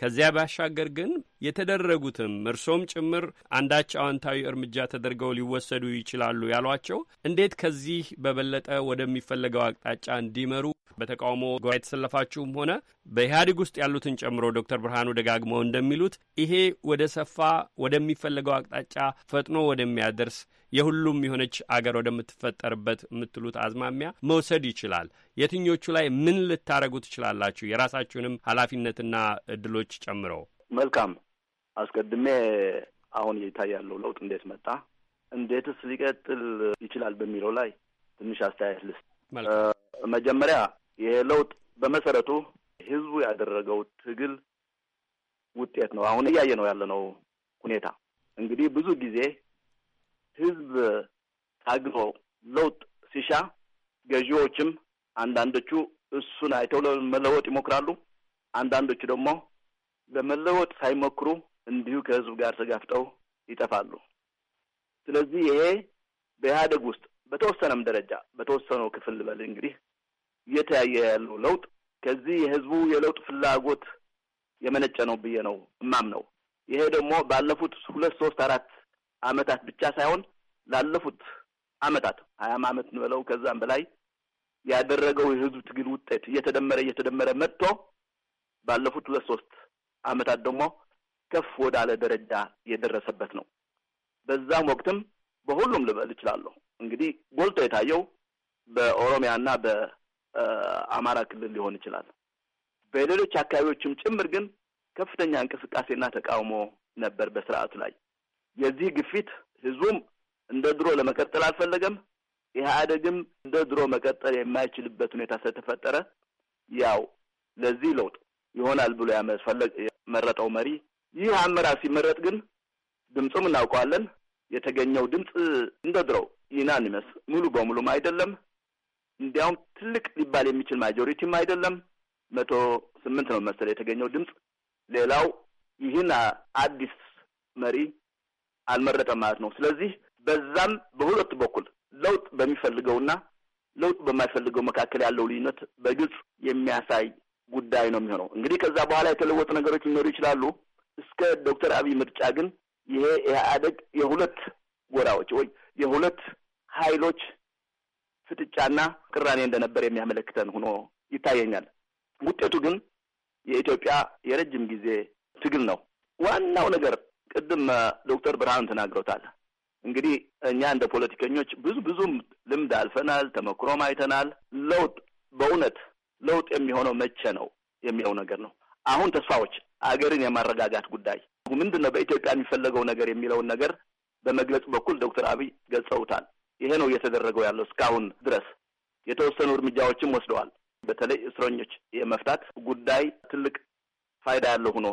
I: ከዚያ ባሻገር ግን የተደረጉትም እርሶም ጭምር አንዳች አዎንታዊ እርምጃ ተደርገው ሊወሰዱ ይችላሉ ያሏቸው እንዴት ከዚህ በበለጠ ወደሚፈለገው አቅጣጫ እንዲመሩ በተቃውሞ ጎራ የተሰለፋችሁም ሆነ በኢህአዴግ ውስጥ ያሉትን ጨምሮ ዶክተር ብርሃኑ ደጋግመው እንደሚሉት ይሄ ወደ ሰፋ ወደሚፈለገው አቅጣጫ ፈጥኖ ወደሚያደርስ የሁሉም የሆነች አገር ወደምትፈጠርበት የምትሉት አዝማሚያ መውሰድ ይችላል? የትኞቹ ላይ ምን ልታደርጉ ትችላላችሁ? የራሳችሁንም ኃላፊነትና እድሎች ጨምረው። መልካም።
J: አስቀድሜ አሁን ያለው ለውጥ እንዴት መጣ፣ እንዴትስ ሊቀጥል ይችላል በሚለው ላይ ትንሽ አስተያየት ልስ መጀመሪያ ይሄ ለውጥ በመሰረቱ ህዝቡ ያደረገው ትግል ውጤት ነው። አሁን እያየ ነው ያለነው ሁኔታ። እንግዲህ ብዙ ጊዜ ህዝብ ታግሮ ለውጥ ሲሻ ገዢዎችም አንዳንዶቹ እሱን አይተው ለመለወጥ ይሞክራሉ። አንዳንዶቹ ደግሞ ለመለወጥ ሳይሞክሩ እንዲሁ ከህዝቡ ጋር ተጋፍጠው ይጠፋሉ። ስለዚህ ይሄ በኢህአደግ ውስጥ በተወሰነም ደረጃ በተወሰነው ክፍል ልበል እንግዲህ እየተያየ ያለው ለውጥ ከዚህ የህዝቡ የለውጥ ፍላጎት የመነጨ ነው ብዬ ነው እማም ነው። ይሄ ደግሞ ባለፉት ሁለት ሶስት አራት አመታት ብቻ ሳይሆን ላለፉት አመታት ሀያም አመት እንበለው ከዛም በላይ ያደረገው የህዝብ ትግል ውጤት እየተደመረ እየተደመረ መጥቶ ባለፉት ሁለት ሶስት አመታት ደግሞ ከፍ ወዳለ ደረጃ የደረሰበት ነው። በዛም ወቅትም በሁሉም ልበል እችላለሁ እንግዲህ ጎልቶ የታየው በኦሮሚያና በአማራ ክልል ሊሆን ይችላል። በሌሎች አካባቢዎችም ጭምር ግን ከፍተኛ እንቅስቃሴና ተቃውሞ ነበር በስርዓቱ ላይ የዚህ ግፊት ህዝቡም እንደ ድሮ ለመቀጠል አልፈለገም። ኢህአደግም እንደ ድሮ መቀጠል የማይችልበት ሁኔታ ስለተፈጠረ ያው ለዚህ ለውጥ ይሆናል ብሎ የመረጠው መሪ ይህ አመራር ሲመረጥ ግን ድምፁም እናውቀዋለን። የተገኘው ድምፅ እንደ ድሮው ዩናኒመስ ሙሉ በሙሉም አይደለም። እንዲያውም ትልቅ ሊባል የሚችል ማጆሪቲም አይደለም። መቶ ስምንት ነው መሰለኝ የተገኘው ድምፅ። ሌላው ይህን አዲስ መሪ አልመረጠም ማለት ነው። ስለዚህ በዛም በሁለቱ በኩል ለውጥ በሚፈልገውና ለውጥ በማይፈልገው መካከል ያለው ልዩነት በግልጽ የሚያሳይ ጉዳይ ነው የሚሆነው። እንግዲህ ከዛ በኋላ የተለወጡ ነገሮች ሊኖሩ ይችላሉ። እስከ ዶክተር አብይ ምርጫ ግን ይሄ ኢህአዴግ የሁለት ጎራዎች ወይ የሁለት ኃይሎች ፍጥጫና ቅራኔ እንደነበር የሚያመለክተን ሆኖ ይታየኛል። ውጤቱ ግን የኢትዮጵያ የረጅም ጊዜ ትግል ነው። ዋናው ነገር ቅድም ዶክተር ብርሃን ተናግረውታል። እንግዲህ እኛ እንደ ፖለቲከኞች ብዙ ብዙም ልምድ አልፈናል፣ ተመክሮም አይተናል። ለውጥ በእውነት ለውጥ የሚሆነው መቼ ነው የሚለው ነገር ነው። አሁን ተስፋዎች አገርን የማረጋጋት ጉዳይ ምንድን ነው በኢትዮጵያ የሚፈለገው ነገር የሚለውን ነገር በመግለጽ በኩል ዶክተር አብይ ገልጸውታል። ይሄ ነው እየተደረገው ያለው እስካሁን ድረስ የተወሰኑ እርምጃዎችም ወስደዋል። በተለይ እስረኞች የመፍታት ጉዳይ ትልቅ ፋይዳ ያለው ሆኖ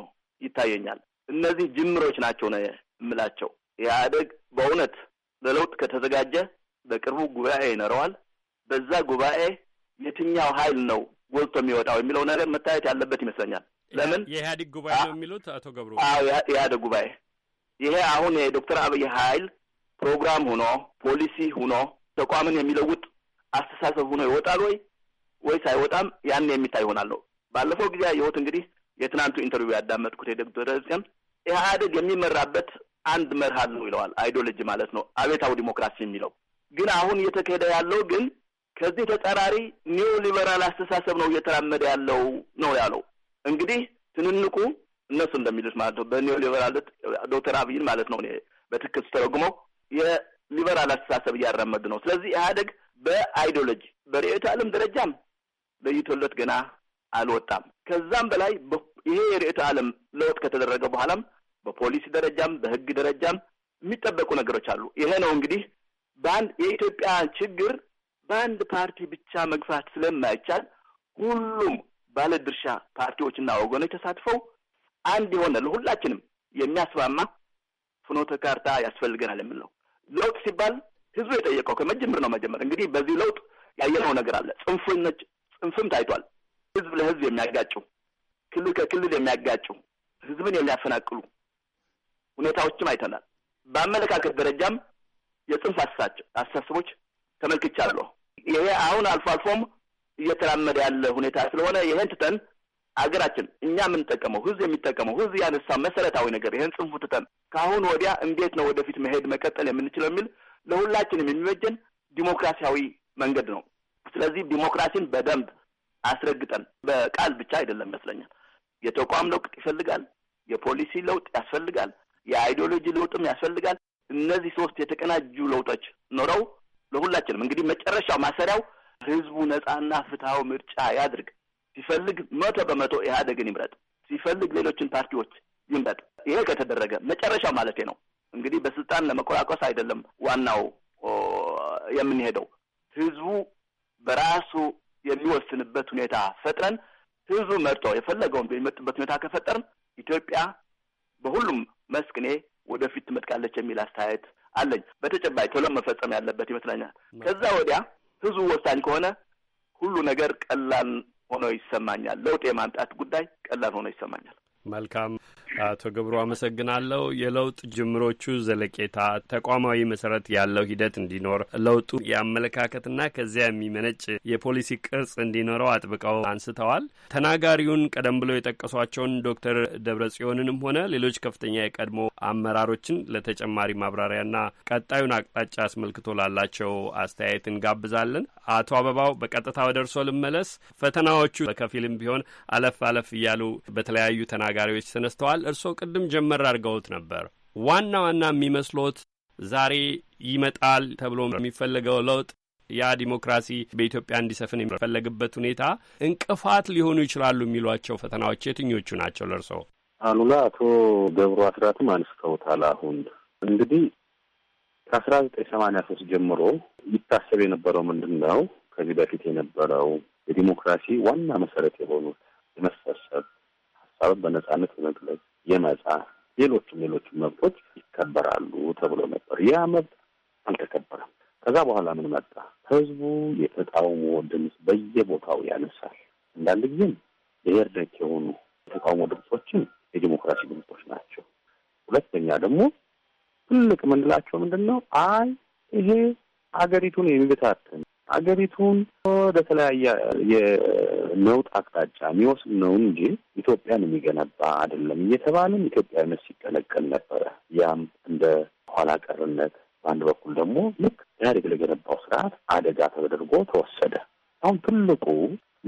J: ይታየኛል። እነዚህ ጅምሮች ናቸው ነው የምላቸው። ኢህአደግ በእውነት ለለውጥ ከተዘጋጀ በቅርቡ ጉባኤ ይኖረዋል። በዛ ጉባኤ የትኛው ኃይል ነው ጎልቶ የሚወጣው የሚለው ነገር መታየት ያለበት ይመስለኛል።
I: ለምን የኢህአዴግ ጉባኤ ነው የሚሉት አቶ ገብሩ? አዎ የኢህአዴግ ጉባኤ ይሄ አሁን የዶክተር አብይ ኃይል ፕሮግራም ሆኖ ፖሊሲ
J: ሆኖ ተቋምን የሚለውጥ አስተሳሰብ ሆኖ ይወጣል ወይ ወይስ አይወጣም? ያን የሚታይ ይሆናል ነው። ባለፈው ጊዜ የወት እንግዲህ የትናንቱ ኢንተርቪው ያዳመጥኩት የደግ ደብረጽዮን ኢህአዴግ የሚመራበት አንድ መርህ አለው ይለዋል። አይዲዮሎጂ ማለት ነው አቤታዊ ዲሞክራሲ የሚለው ግን አሁን እየተካሄደ ያለው ግን ከዚህ ተጻራሪ ኒዮ ሊበራል አስተሳሰብ ነው እየተራመደ ያለው ነው ያለው። እንግዲህ ትንንቁ እነሱ እንደሚሉት ማለት ነው በኒዮ ሊበራል ዶክተር አብይን ማለት ነው እኔ በትክክል ስተረጉመው የሊበራል አስተሳሰብ እያራመዱ ነው። ስለዚህ ኢህአዴግ በአይዲዮሎጂ በርዕዮተ ዓለም ደረጃም ለይቶለት ገና አልወጣም። ከዛም በላይ ይሄ የርዕዮተ ዓለም ለውጥ ከተደረገ በኋላም በፖሊሲ ደረጃም በህግ ደረጃም የሚጠበቁ ነገሮች አሉ። ይሄ ነው እንግዲህ በአንድ የኢትዮጵያ ችግር በአንድ ፓርቲ ብቻ መግፋት ስለማይቻል ሁሉም ባለድርሻ ፓርቲዎችና ወገኖች ተሳትፈው አንድ የሆነ ለሁላችንም የሚያስማማ ፍኖተ ካርታ ያስፈልገናል የሚል ነው። ለውጥ ሲባል ህዝቡ የጠየቀው ከመጀመር ነው። መጀመር እንግዲህ በዚህ ለውጥ ያየነው ነገር አለ። ጽንፍነች ጽንፍም ታይቷል። ህዝብ ለህዝብ የሚያጋጩ፣ ክልል ከክልል የሚያጋጩ፣ ህዝብን የሚያፈናቅሉ ሁኔታዎችም አይተናል። በአመለካከት ደረጃም የጽንፍ አስተሳሰቦች ተመልክቻለሁ። ይሄ አሁን አልፎ አልፎም እየተራመደ ያለ ሁኔታ ስለሆነ ይሄን ትተን አገራችን እኛ የምንጠቀመው ህዝብ የሚጠቀመው ህዝብ ያነሳ መሰረታዊ ነገር ይህን ጽንፉ ትተን ከአሁን ወዲያ እንዴት ነው ወደፊት መሄድ መቀጠል የምንችለው የሚል ለሁላችንም የሚበጀን ዲሞክራሲያዊ መንገድ ነው። ስለዚህ ዲሞክራሲን በደንብ አስረግጠን በቃል ብቻ አይደለም ይመስለኛል። የተቋም ለውጥ ይፈልጋል፣ የፖሊሲ ለውጥ ያስፈልጋል፣ የአይዲዮሎጂ ለውጥም ያስፈልጋል። እነዚህ ሶስት የተቀናጁ ለውጦች ኖረው ለሁላችንም እንግዲህ መጨረሻው ማሰሪያው ህዝቡ ነጻና ፍትሐዊ ምርጫ ያድርግ። ሲፈልግ መቶ በመቶ ኢህአደግን ይምረጥ፣ ሲፈልግ ሌሎችን ፓርቲዎች ይምረጥ። ይሄ ከተደረገ መጨረሻው ማለቴ ነው እንግዲህ በስልጣን ለመቆራቆስ አይደለም ዋናው የምንሄደው ህዝቡ በራሱ የሚወስንበት ሁኔታ ፈጥረን ህዝቡ መርጦ የፈለገውን የሚመጥበት ሁኔታ ከፈጠርን ኢትዮጵያ በሁሉም መስክ እኔ ወደፊት ትመጥቃለች የሚል አስተያየት አለኝ። በተጨባጭ ቶሎ መፈጸም ያለበት ይመስለኛል። ከዛ ወዲያ ህዝቡ ወሳኝ ከሆነ ሁሉ ነገር ቀላል ሆኖ ይሰማኛል። ለውጥ የማምጣት ጉዳይ ቀላል ሆኖ ይሰማኛል።
I: መልካም አቶ ገብሩ አመሰግናለሁ። የለውጥ ጅምሮቹ ዘለቄታ ተቋማዊ መሰረት ያለው ሂደት እንዲኖር ለውጡ የአመለካከትና ከዚያ የሚመነጭ የፖሊሲ ቅርጽ እንዲኖረው አጥብቀው አንስተዋል። ተናጋሪውን ቀደም ብሎ የጠቀሷቸውን ዶክተር ደብረ ጽዮንንም ሆነ ሌሎች ከፍተኛ የቀድሞ አመራሮችን ለተጨማሪ ማብራሪያና ቀጣዩን አቅጣጫ አስመልክቶ ላላቸው አስተያየት እንጋብዛለን። አቶ አበባው በቀጥታ ወደ እርሶ ልመለስ። ፈተናዎቹ በከፊልም ቢሆን አለፍ አለፍ እያሉ በተለያዩ ተናጋሪዎች ተነስተዋል። እርስዎ ቅድም ጀመር አድርገውት ነበር። ዋና ዋና የሚመስሎት ዛሬ ይመጣል ተብሎ የሚፈለገው ለውጥ ያ ዲሞክራሲ በኢትዮጵያ እንዲሰፍን የሚፈለግበት ሁኔታ እንቅፋት ሊሆኑ ይችላሉ የሚሏቸው ፈተናዎች የትኞቹ ናቸው ለእርሶ
C: አሉላ አቶ ገብሩ አስራትም አንስተውታል። አሁን እንግዲህ ከአስራ ዘጠኝ ሰማኒያ ሶስት ጀምሮ ይታሰብ የነበረው ምንድን ነው? ከዚህ በፊት የነበረው የዲሞክራሲ ዋና መሰረት የሆኑት የመሰብሰብ ሀሳብን በነጻነት የመግለጽ የመጻ ሌሎችም ሌሎችም መብቶች ይከበራሉ ተብሎ ነበር። ያ መብት አልተከበረም። ከዛ በኋላ ምን መጣ? ህዝቡ የተቃውሞ ድምፅ በየቦታው ያነሳል። አንዳንድ ጊዜም ብሔር ደክ የሆኑ የተቃውሞ ድምፆችን የዲሞክራሲ ድምፆች ናቸው። ሁለተኛ ደግሞ ትልቅ የምንላቸው ምንድን ነው? አይ ይሄ አገሪቱን የሚበታትን አገሪቱን ወደ ተለያየ ነውጥ አቅጣጫ የሚወስድ ነው እንጂ ኢትዮጵያን የሚገነባ አይደለም እየተባለም ኢትዮጵያዊነት ሲቀለቀል ነበረ። ያም እንደ ኋላ ቀርነት፣ በአንድ በኩል ደግሞ ልክ ኢህአዴግ ለገነባው ስርዓት አደጋ ተደርጎ ተወሰደ። አሁን ትልቁ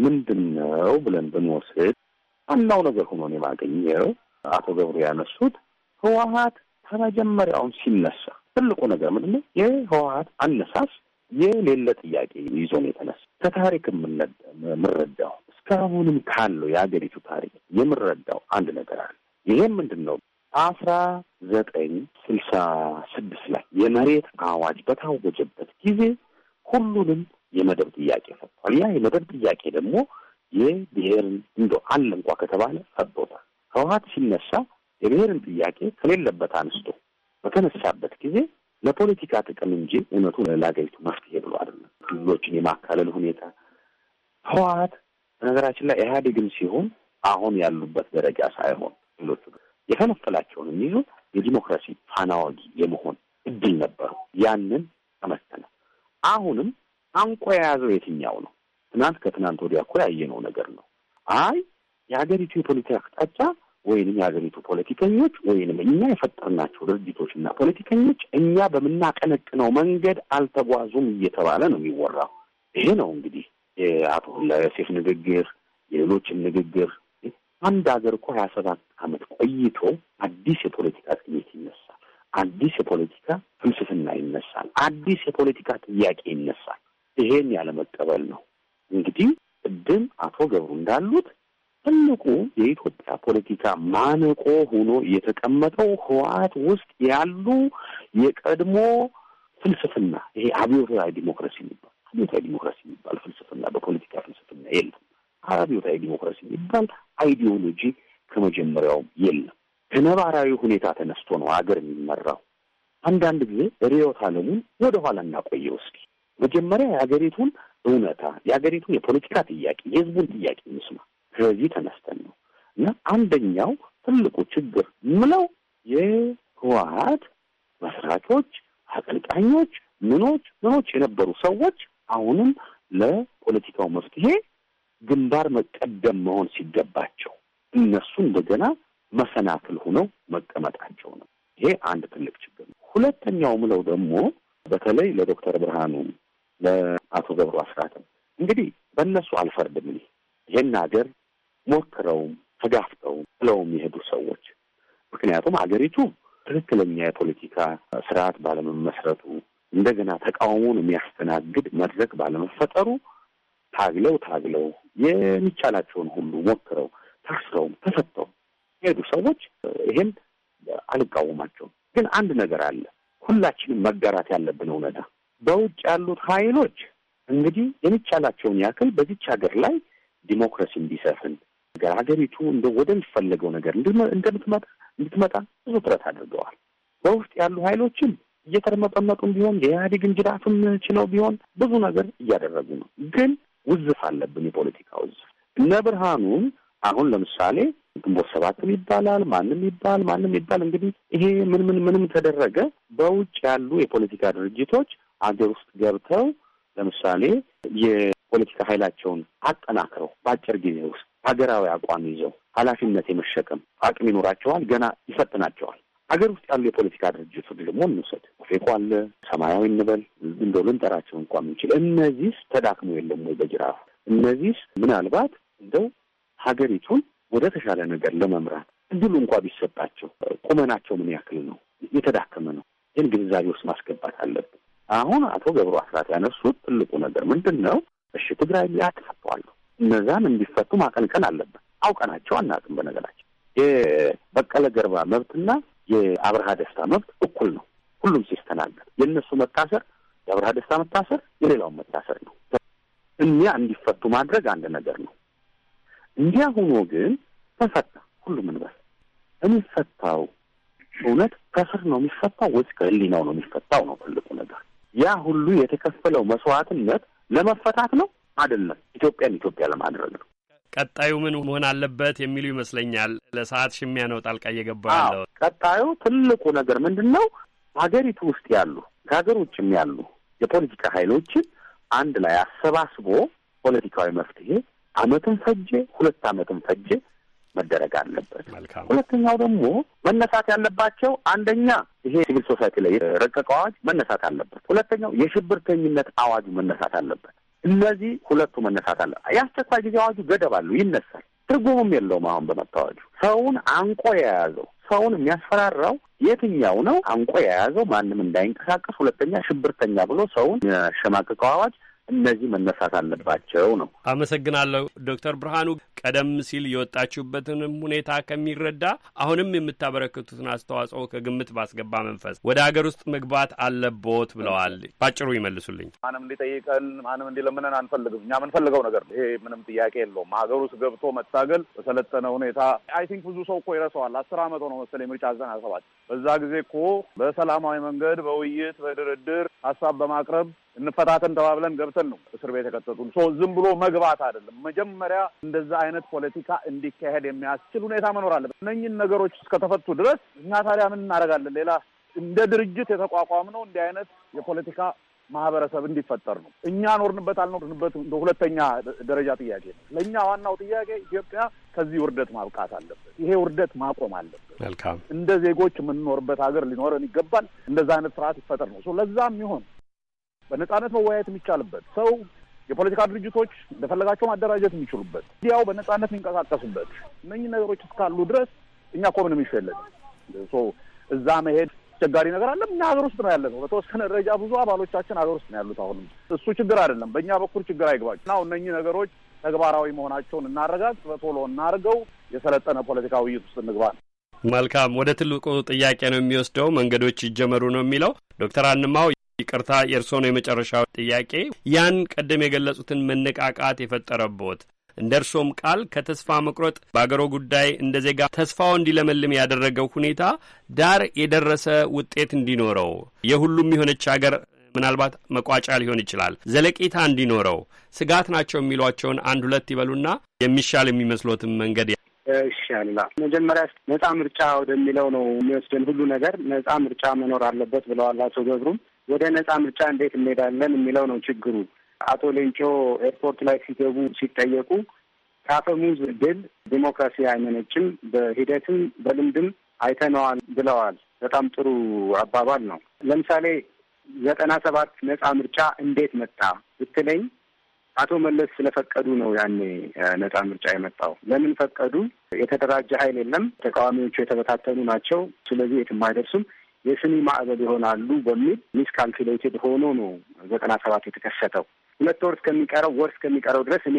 C: ምንድን ነው ብለን ብንወስድ ዋናው ነገር ሆኖ ነው የማገኘው አቶ ገብሩ ያነሱት ህወሀት ከመጀመሪያውም ሲነሳ ትልቁ ነገር ምንድን ነው የህወሀት አነሳስ የሌለ ጥያቄ ይዞ ነው የተነሳ። ከታሪክ የምንረዳው እስካሁንም ካለው የሀገሪቱ ታሪክ የምንረዳው አንድ ነገር አለ። ይሄም ምንድን ነው? አስራ ዘጠኝ ስልሳ ስድስት ላይ የመሬት አዋጅ በታወጀበት ጊዜ ሁሉንም የመደብ ጥያቄ ፈጥቷል። ያ የመደብ ጥያቄ ደግሞ የብሔርን እንደ አለ እንኳ ከተባለ ፈቶታል። ህወሀት ሲነሳ የብሔርን ጥያቄ ከሌለበት አንስቶ በተነሳበት ጊዜ ለፖለቲካ ጥቅም እንጂ እውነቱ ለሀገሪቱ መፍትሄ ብሎ አይደለም። ክልሎችን የማካለል ሁኔታ ህወሀት በነገራችን ላይ ኢህአዴግም ሲሆን አሁን ያሉበት ደረጃ ሳይሆን ክልሎቹ የፈለፈላቸውን የሚይዙ የዲሞክራሲ ፋናዋጊ የመሆን እድል ነበሩ። ያንን ተመተነ። አሁንም አንቆ የያዘው የትኛው ነው? ትናንት ከትናንት ወዲያ እኮ ያየነው ነገር ነው። አይ የሀገሪቱ የፖለቲካ አቅጣጫ ወይንም የሀገሪቱ ፖለቲከኞች ወይንም እኛ የፈጠርናቸው ድርጅቶችና ፖለቲከኞች እኛ በምናቀነቅነው መንገድ አልተጓዙም እየተባለ ነው የሚወራው። ይሄ ነው እንግዲህ የአቶ ሁላዮሴፍ ንግግር፣ የሌሎችም ንግግር። አንድ ሀገር እኮ ሀያ ሰባት አመት ቆይቶ አዲስ የፖለቲካ ቅኝት ይነሳል። አዲስ የፖለቲካ ፍልስፍና ይነሳል። አዲስ የፖለቲካ ጥያቄ ይነሳል። ይሄን ያለመቀበል ነው እንግዲህ ቅድም አቶ ገብሩ እንዳሉት ትልቁ የኢትዮጵያ ፖለቲካ ማነቆ ሆኖ የተቀመጠው ህወሓት ውስጥ ያሉ የቀድሞ ፍልስፍና ይሄ አብዮታዊ ዲሞክራሲ የሚባል አብዮታዊ ዲሞክራሲ የሚባል ፍልስፍና በፖለቲካ ፍልስፍና የለም። አብዮታዊ ዲሞክራሲ የሚባል አይዲዮሎጂ ከመጀመሪያውም የለም። ከነባራዊ ሁኔታ ተነስቶ ነው አገር የሚመራው። አንዳንድ ጊዜ ርዕዮተ ዓለሙን ወደኋላ እናቆየው እስኪ። መጀመሪያ የሀገሪቱን እውነታ፣ የሀገሪቱን የፖለቲካ ጥያቄ፣ የህዝቡን ጥያቄ እንስማ። ከዚህ ተነስተን ነው እና አንደኛው ትልቁ ችግር ምለው የህወሀት መስራቾች፣ አቀንቃኞች፣ ምኖች ምኖች የነበሩ ሰዎች አሁንም ለፖለቲካው መፍትሄ ግንባር መቀደም መሆን ሲገባቸው እነሱ እንደገና መሰናክል ሆነው መቀመጣቸው ነው። ይሄ አንድ ትልቅ ችግር ነው። ሁለተኛው ምለው ደግሞ በተለይ ለዶክተር ብርሃኑ ለአቶ ገብሩ አስራትም እንግዲህ በእነሱ አልፈርድም። ይህን ሀገር ሞክረውም ተጋፍጠውም ብለውም የሄዱ ሰዎች ምክንያቱም ሀገሪቱ ትክክለኛ የፖለቲካ ስርዓት ባለመመስረቱ እንደገና ተቃውሞን የሚያስተናግድ መድረክ ባለመፈጠሩ ታግለው ታግለው የሚቻላቸውን ሁሉ ሞክረው ታስረውም ተፈተው የሄዱ ሰዎች ይሄን አልቃወማቸውም። ግን አንድ ነገር አለ። ሁላችንም መጋራት ያለብን እውነታ በውጭ ያሉት ኃይሎች እንግዲህ የሚቻላቸውን ያክል በዚች ሀገር ላይ ዲሞክራሲ እንዲሰፍን ነገር ሀገሪቱ እንደ ወደሚፈለገው ነገር እንደምትመጣ እንድትመጣ ብዙ ጥረት አድርገዋል። በውስጥ ያሉ ኃይሎችም እየተርመጠመጡም ቢሆን የኢህአዴግን ጅራፍም ችለው ቢሆን ብዙ ነገር እያደረጉ ነው። ግን ውዝፍ አለብን፣ የፖለቲካ ውዝፍ። እነ ብርሃኑን አሁን ለምሳሌ ግንቦት ሰባትም ይባላል ማንም ይባል ማንም ይባል እንግዲህ ይሄ ምን ምን ምንም ተደረገ። በውጭ ያሉ የፖለቲካ ድርጅቶች አገር ውስጥ ገብተው ለምሳሌ የፖለቲካ ኃይላቸውን አጠናክረው በአጭር ጊዜ ውስጥ ሀገራዊ አቋም ይዘው ኃላፊነት የመሸከም አቅም ይኖራቸዋል። ገና ይፈትናቸዋል። ሀገር ውስጥ ያሉ የፖለቲካ ድርጅቶች ደግሞ እንውሰድ፣ ኦፌኮ አለ፣ ሰማያዊ እንበል፣ እንደ ልንጠራቸው እንኳ የምንችል እነዚህስ ተዳክሞ የለም ወይ በጅራፍ እነዚህስ ምናልባት እንደው ሀገሪቱን ወደ ተሻለ ነገር ለመምራት እድሉ እንኳ ቢሰጣቸው ቁመናቸው ምን ያክል ነው? የተዳከመ ነው። ይህን ግንዛቤ ውስጥ ማስገባት አለብን። አሁን አቶ ገብሩ አስራት ያነሱት ትልቁ ነገር ምንድን ነው? እሺ ትግራይ ላይ እነዛን እንዲፈቱ ማቀንቀን አለብን። አውቀናቸው አናውቅም። በነገራችን የበቀለ ገርባ መብትና የአብርሃ ደስታ መብት እኩል ነው። ሁሉም ሲስተናገር የእነሱ መታሰር የአብርሃ ደስታ መታሰር የሌላውን መታሰር ነው። እኒያ እንዲፈቱ ማድረግ አንድ ነገር ነው። እንዲያ ሆኖ ግን ተፈታ። ሁሉም እንበል የሚፈታው እውነት ከስር ነው የሚፈታው ወይስ ከህሊናው ነው የሚፈታው ነው ትልቁ ነገር። ያ ሁሉ የተከፈለው መስዋዕትነት ለመፈታት ነው አይደለም። ኢትዮጵያን ኢትዮጵያ ለማድረግ ነው።
I: ቀጣዩ ምን መሆን አለበት የሚሉ ይመስለኛል። ለሰዓት ሽሚያ ነው ጣልቃ እየገባ ያለው። ቀጣዩ
C: ትልቁ ነገር ምንድን ነው? ሀገሪቱ ውስጥ ያሉ ውጭም ያሉ የፖለቲካ ኃይሎችን አንድ ላይ አሰባስቦ ፖለቲካዊ መፍትሄ አመትን ፈጀ ሁለት አመትም ፈጀ መደረግ አለበት። ሁለተኛው ደግሞ መነሳት ያለባቸው አንደኛ ይሄ ሲቪል ሶሳይቲ ላይ ረቀቀ አዋጅ መነሳት አለበት። ሁለተኛው የሽብርተኝነት አዋጅ መነሳት አለበት። እነዚህ ሁለቱ መነሳት አለ። የአስቸኳይ ጊዜ አዋጁ ገደብ አለው፣ ይነሳል። ትርጉምም የለውም። አሁን በመታወጁ ሰውን አንቆ የያዘው ሰውን የሚያስፈራራው የትኛው ነው? አንቆ የያዘው ማንም እንዳይንቀሳቀስ፣ ሁለተኛ ሽብርተኛ ብሎ ሰውን የሸማቅቀው አዋጅ እነዚህ መነሳት አለባቸው ነው።
I: አመሰግናለሁ ዶክተር ብርሃኑ ቀደም ሲል የወጣችሁበትንም ሁኔታ ከሚረዳ አሁንም የምታበረክቱትን አስተዋጽኦ ከግምት ባስገባ መንፈስ ወደ ሀገር ውስጥ መግባት አለቦት ብለዋል። ባጭሩ ይመልሱልኝ።
K: ማንም እንዲጠይቀን ማንም እንዲለምነን አንፈልግም። እኛ የምንፈልገው ነገር ይሄ ምንም ጥያቄ የለውም። ሀገር ውስጥ ገብቶ መታገል በሰለጠነ ሁኔታ አይ ቲንክ ብዙ ሰው እኮ ይረሰዋል። አስር አመት ሆነው መሰለኝ ምርጫ ዘጠና ሰባት በዛ ጊዜ እኮ በሰላማዊ መንገድ በውይይት በድርድር ሀሳብ በማቅረብ እንፈታተን ተባብለን ገብተን ነው እስር ቤት የከተቱን። ዝም ብሎ መግባት አይደለም። መጀመሪያ እንደዛ አይነት ፖለቲካ እንዲካሄድ የሚያስችል ሁኔታ መኖር አለበት። እነኝን ነገሮች እስከተፈቱ ድረስ እኛ ታዲያ ምን እናደርጋለን? ሌላ እንደ ድርጅት የተቋቋም ነው እንዲህ አይነት የፖለቲካ ማህበረሰብ እንዲፈጠር ነው። እኛ ኖርንበት አልኖርንበት ሁለተኛ ደረጃ ጥያቄ ነው። ለእኛ ዋናው ጥያቄ ኢትዮጵያ ከዚህ ውርደት ማብቃት አለበት። ይሄ ውርደት ማቆም አለበት። መልካም እንደ ዜጎች የምንኖርበት ሀገር ሊኖረን ይገባል። እንደዛ አይነት ስርዓት ይፈጠር ነው ለዛም ይሆን በነጻነት መወያየት የሚቻልበት ሰው የፖለቲካ ድርጅቶች እንደፈለጋቸው ማደራጀት የሚችሉበት እንዲያው በነጻነት የሚንቀሳቀሱበት እነኚህ ነገሮች እስካሉ ድረስ እኛ ኮሚኒሚሽ የለንም። እዛ መሄድ አስቸጋሪ ነገር አለም። እኛ ሀገር ውስጥ ነው ያለ ነው። በተወሰነ ደረጃ ብዙ አባሎቻችን ሀገር ውስጥ ነው ያሉት። አሁንም እሱ ችግር አይደለም። በእኛ በኩል ችግር አይግባችሁ እና እነኚህ ነገሮች ተግባራዊ መሆናቸውን እናረጋግጥ፣ በቶሎ እናርገው፣ የሰለጠነ ፖለቲካ ውይይት ውስጥ እንግባ ነው።
I: መልካም። ወደ ትልቁ ጥያቄ ነው የሚወስደው መንገዶች ይጀመሩ ነው የሚለው ዶክተር አንማው ይቅርታ የእርስዎ ነው የመጨረሻው ጥያቄ። ያን ቀደም የገለጹትን መነቃቃት የፈጠረቦት እንደ እርሶም ቃል ከተስፋ መቁረጥ በአገሮ ጉዳይ እንደ ዜጋ ተስፋው እንዲለመልም ያደረገው ሁኔታ ዳር የደረሰ ውጤት እንዲኖረው የሁሉም የሆነች አገር ምናልባት መቋጫ ሊሆን ይችላል ዘለቄታ እንዲኖረው ስጋት ናቸው የሚሏቸውን አንድ ሁለት ይበሉና የሚሻል የሚመስሎትን መንገድ
C: ይሻላ መጀመሪያ ነጻ ምርጫ ወደሚለው ነው የሚወስደን ሁሉ ነገር ነጻ ምርጫ መኖር አለበት ብለዋል አቶ ገብሩም። ወደ ነጻ ምርጫ እንዴት እንሄዳለን የሚለው ነው ችግሩ። አቶ ሌንጮ ኤርፖርት ላይ ሲገቡ ሲጠየቁ ከአፈሙዝ ድል ዲሞክራሲ አይመነጭም፣ በሂደትም በልምድም አይተነዋል ብለዋል። በጣም ጥሩ አባባል ነው። ለምሳሌ ዘጠና ሰባት ነጻ ምርጫ እንዴት መጣ ብትለኝ አቶ መለስ ስለፈቀዱ ነው ያኔ ነጻ ምርጫ የመጣው። ለምን ፈቀዱ? የተደራጀ ኃይል የለም፣ ተቃዋሚዎቹ የተበታተኑ ናቸው፣ ስለዚህ የትም አይደርሱም። የስኒ ማዕበል ይሆናሉ በሚል ሚስ ካልኩሌትድ ሆኖ ነው ዘጠና ሰባት የተከሰተው። ሁለት ወር እስከሚቀረው ወር እስከሚቀረው ድረስ እኔ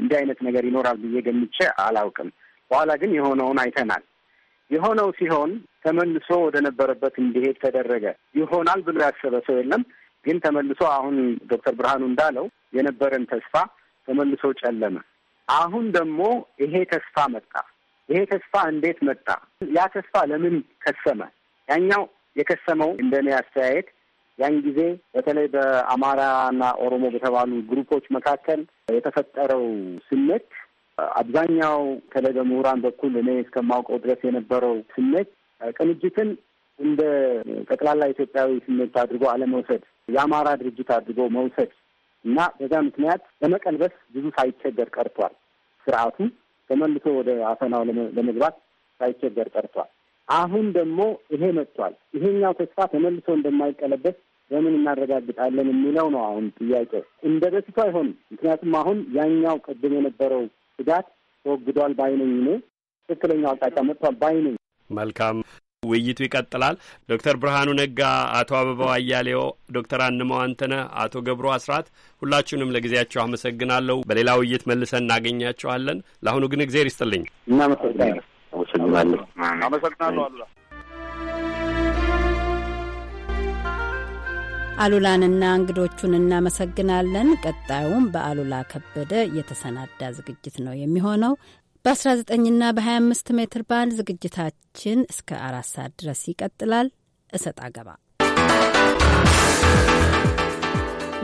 C: እንዲህ አይነት ነገር ይኖራል ብዬ ገምቼ አላውቅም። በኋላ ግን የሆነውን አይተናል። የሆነው ሲሆን ተመልሶ ወደ ነበረበት እንዲሄድ ተደረገ። ይሆናል ብሎ ያሰበ ሰው የለም። ግን ተመልሶ አሁን ዶክተር ብርሃኑ እንዳለው የነበረን ተስፋ ተመልሶ ጨለመ። አሁን ደግሞ ይሄ ተስፋ መጣ። ይሄ ተስፋ እንዴት መጣ? ያ ተስፋ ለምን ከሰመ? ያኛው የከሰመው እንደኔ አስተያየት ያን ጊዜ በተለይ በአማራና ኦሮሞ በተባሉ ግሩፖች መካከል የተፈጠረው ስሜት አብዛኛው በተለይ በምሁራን በኩል እኔ እስከማውቀው ድረስ የነበረው ስሜት ቅንጅትን እንደ ጠቅላላ ኢትዮጵያዊ ስሜት አድርጎ አለመውሰድ፣ የአማራ ድርጅት አድርጎ መውሰድ እና በዛ ምክንያት ለመቀልበስ ብዙ ሳይቸገር ቀርቷል። ስርዓቱ ተመልሶ ወደ አፈናው ለመግባት ሳይቸገር ቀርቷል። አሁን ደግሞ ይሄ መጥቷል። ይሄኛው ተስፋ ተመልሶ እንደማይቀለበስ በምን እናረጋግጣለን የሚለው ነው አሁን ጥያቄው። እንደ በፊቱ አይሆንም። ምክንያቱም አሁን ያኛው ቅድም የነበረው ስጋት ተወግዷል ባይነኝ እኔ ትክክለኛው አቅጣጫ መጥቷል ባይነኝ።
I: መልካም ውይይቱ ይቀጥላል። ዶክተር ብርሃኑ ነጋ፣ አቶ አበባው አያሌው፣ ዶክተር አንማው አንተነህ፣ አቶ ገብሩ አስራት ሁላችሁንም ለጊዜያቸው አመሰግናለሁ። በሌላ ውይይት መልሰን እናገኛችኋለን። ለአሁኑ ግን እግዜር ይስጥልኝ። እናመሰግናለን። አመሰግናለሁ። አመሰግናለሁ አሉላ።
A: አሉላንና እንግዶቹን እናመሰግናለን። ቀጣዩም በአሉላ ከበደ የተሰናዳ ዝግጅት ነው የሚሆነው። በ19ና በ25 ሜትር ባንድ ዝግጅታችን እስከ አራት ሰዓት ድረስ ይቀጥላል። እሰጥ አገባ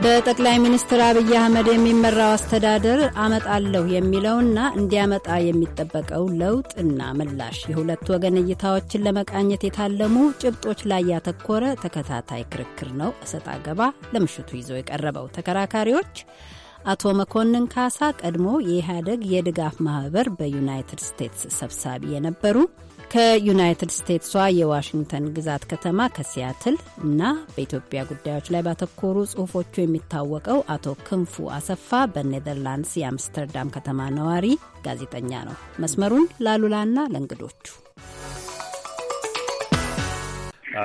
A: በጠቅላይ ሚኒስትር አብይ አህመድ የሚመራው አስተዳደር አመጣለሁ የሚለውና እንዲያመጣ የሚጠበቀው ለውጥና ምላሽ የሁለት ወገን እይታዎችን ለመቃኘት የታለሙ ጭብጦች ላይ ያተኮረ ተከታታይ ክርክር ነው። እሰጥ አገባ ለምሽቱ ይዞ የቀረበው ተከራካሪዎች አቶ መኮንን ካሳ ቀድሞ የኢህአደግ የድጋፍ ማህበር በዩናይትድ ስቴትስ ሰብሳቢ የነበሩ ከዩናይትድ ስቴትሷ የዋሽንግተን ግዛት ከተማ ከሲያትል እና በኢትዮጵያ ጉዳዮች ላይ ባተኮሩ ጽሁፎቹ የሚታወቀው አቶ ክንፉ አሰፋ በኔዘርላንድስ የአምስተርዳም ከተማ ነዋሪ ጋዜጠኛ ነው። መስመሩን ላሉላና ለእንግዶቹ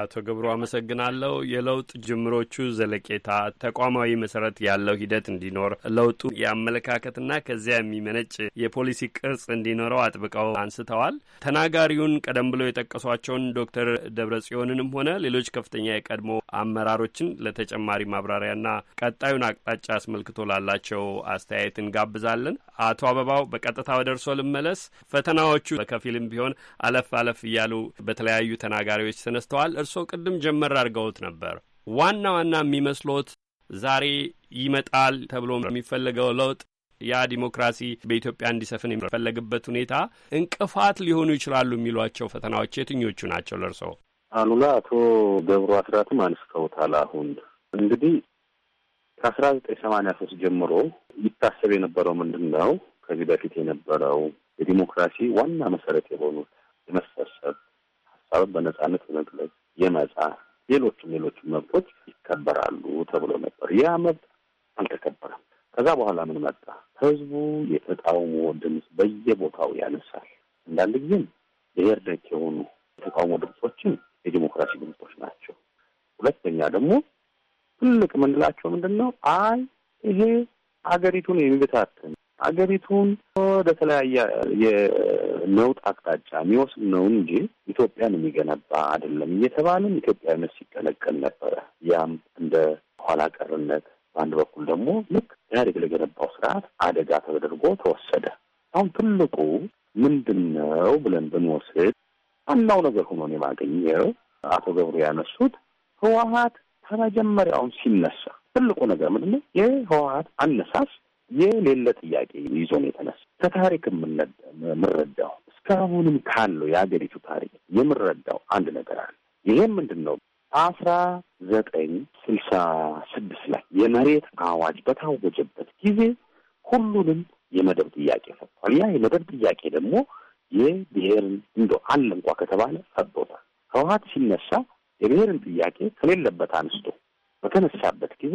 I: አቶ ገብሩ አመሰግናለሁ። የለውጥ ጅምሮቹ ዘለቄታ ተቋማዊ መሰረት ያለው ሂደት እንዲኖር ለውጡ የአመለካከትና ከዚያ የሚመነጭ የፖሊሲ ቅርጽ እንዲኖረው አጥብቀው አንስተዋል። ተናጋሪውን ቀደም ብሎ የጠቀሷቸውን ዶክተር ደብረ ጽዮንንም ሆነ ሌሎች ከፍተኛ የቀድሞ አመራሮችን ለተጨማሪ ማብራሪያና ቀጣዩን አቅጣጫ አስመልክቶ ላላቸው አስተያየት እንጋብዛለን። አቶ አበባው በቀጥታ ወደ እርሶ ልመለስ። ፈተናዎቹ በከፊልም ቢሆን አለፍ አለፍ እያሉ በተለያዩ ተናጋሪዎች ተነስተዋል። እርስዎ ቅድም ጀመር አድርገውት ነበር። ዋና ዋና የሚመስሎት ዛሬ ይመጣል ተብሎ የሚፈለገው ለውጥ ያ ዲሞክራሲ በኢትዮጵያ እንዲሰፍን የሚፈለግበት ሁኔታ እንቅፋት ሊሆኑ ይችላሉ የሚሏቸው ፈተናዎች የትኞቹ ናቸው ለእርስዎ?
C: አሉላ አቶ ገብሩ አስራትም አንስተውታል። አሁን እንግዲህ ከአስራ ዘጠኝ ሰማንያ ሶስት ጀምሮ ይታሰብ የነበረው ምንድን ነው? ከዚህ በፊት የነበረው የዲሞክራሲ ዋና መሰረት የሆኑት የመሰብሰብ ሀሳብን በነጻነት የመግለጽ የመጻፍ ሌሎችም ሌሎችም መብቶች ይከበራሉ ተብሎ ነበር። ያ መብት አልተከበረም። ከዛ በኋላ ምን መጣ? ህዝቡ የተቃውሞ ድምፅ በየቦታው ያነሳል። አንዳንድ ጊዜም ብሔር ነክ የሆኑ የተቃውሞ ድምፆችን የዲሞክራሲ ድምፆች ናቸው። ሁለተኛ ደግሞ ትልቅ የምንላቸው ምንድን ነው? አይ ይሄ አገሪቱን የሚበታትን አገሪቱን ወደ ተለያየ ለውጥ አቅጣጫ የሚወስድ ነው እንጂ ኢትዮጵያን የሚገነባ አይደለም እየተባለም ኢትዮጵያዊነት ሲቀለቀል ነበረ። ያም እንደ ኋላ ቀርነት፣ በአንድ በኩል ደግሞ ልክ ኢህአዴግ ለገነባው ስርዓት አደጋ ተደርጎ ተወሰደ። አሁን ትልቁ ምንድን ነው ብለን ብንወስድ ዋናው ነገር ሆኖ ነው የማገኘው አቶ ገብሩ ያነሱት ህወሀት ከመጀመሪያውን ሲነሳ ትልቁ ነገር ምንድን ነው? የህወሀት አነሳስ ይህ ሌለ ጥያቄ ነው የተነሳ ከታሪክ የምንረዳው እስካሁንም ካለው የሀገሪቱ ታሪክ የምንረዳው አንድ ነገር አለ። ይሄም ምንድን ነው? አስራ ዘጠኝ ስልሳ ስድስት ላይ የመሬት አዋጅ በታወጀበት ጊዜ ሁሉንም የመደብ ጥያቄ ፈጥቷል ያ የመደብ ጥያቄ ደግሞ የብሔርን እንዶ አለ እንኳ ከተባለ ፈቶታል። ህወሀት ሲነሳ የብሔርን ጥያቄ ከሌለበት አንስቶ በተነሳበት ጊዜ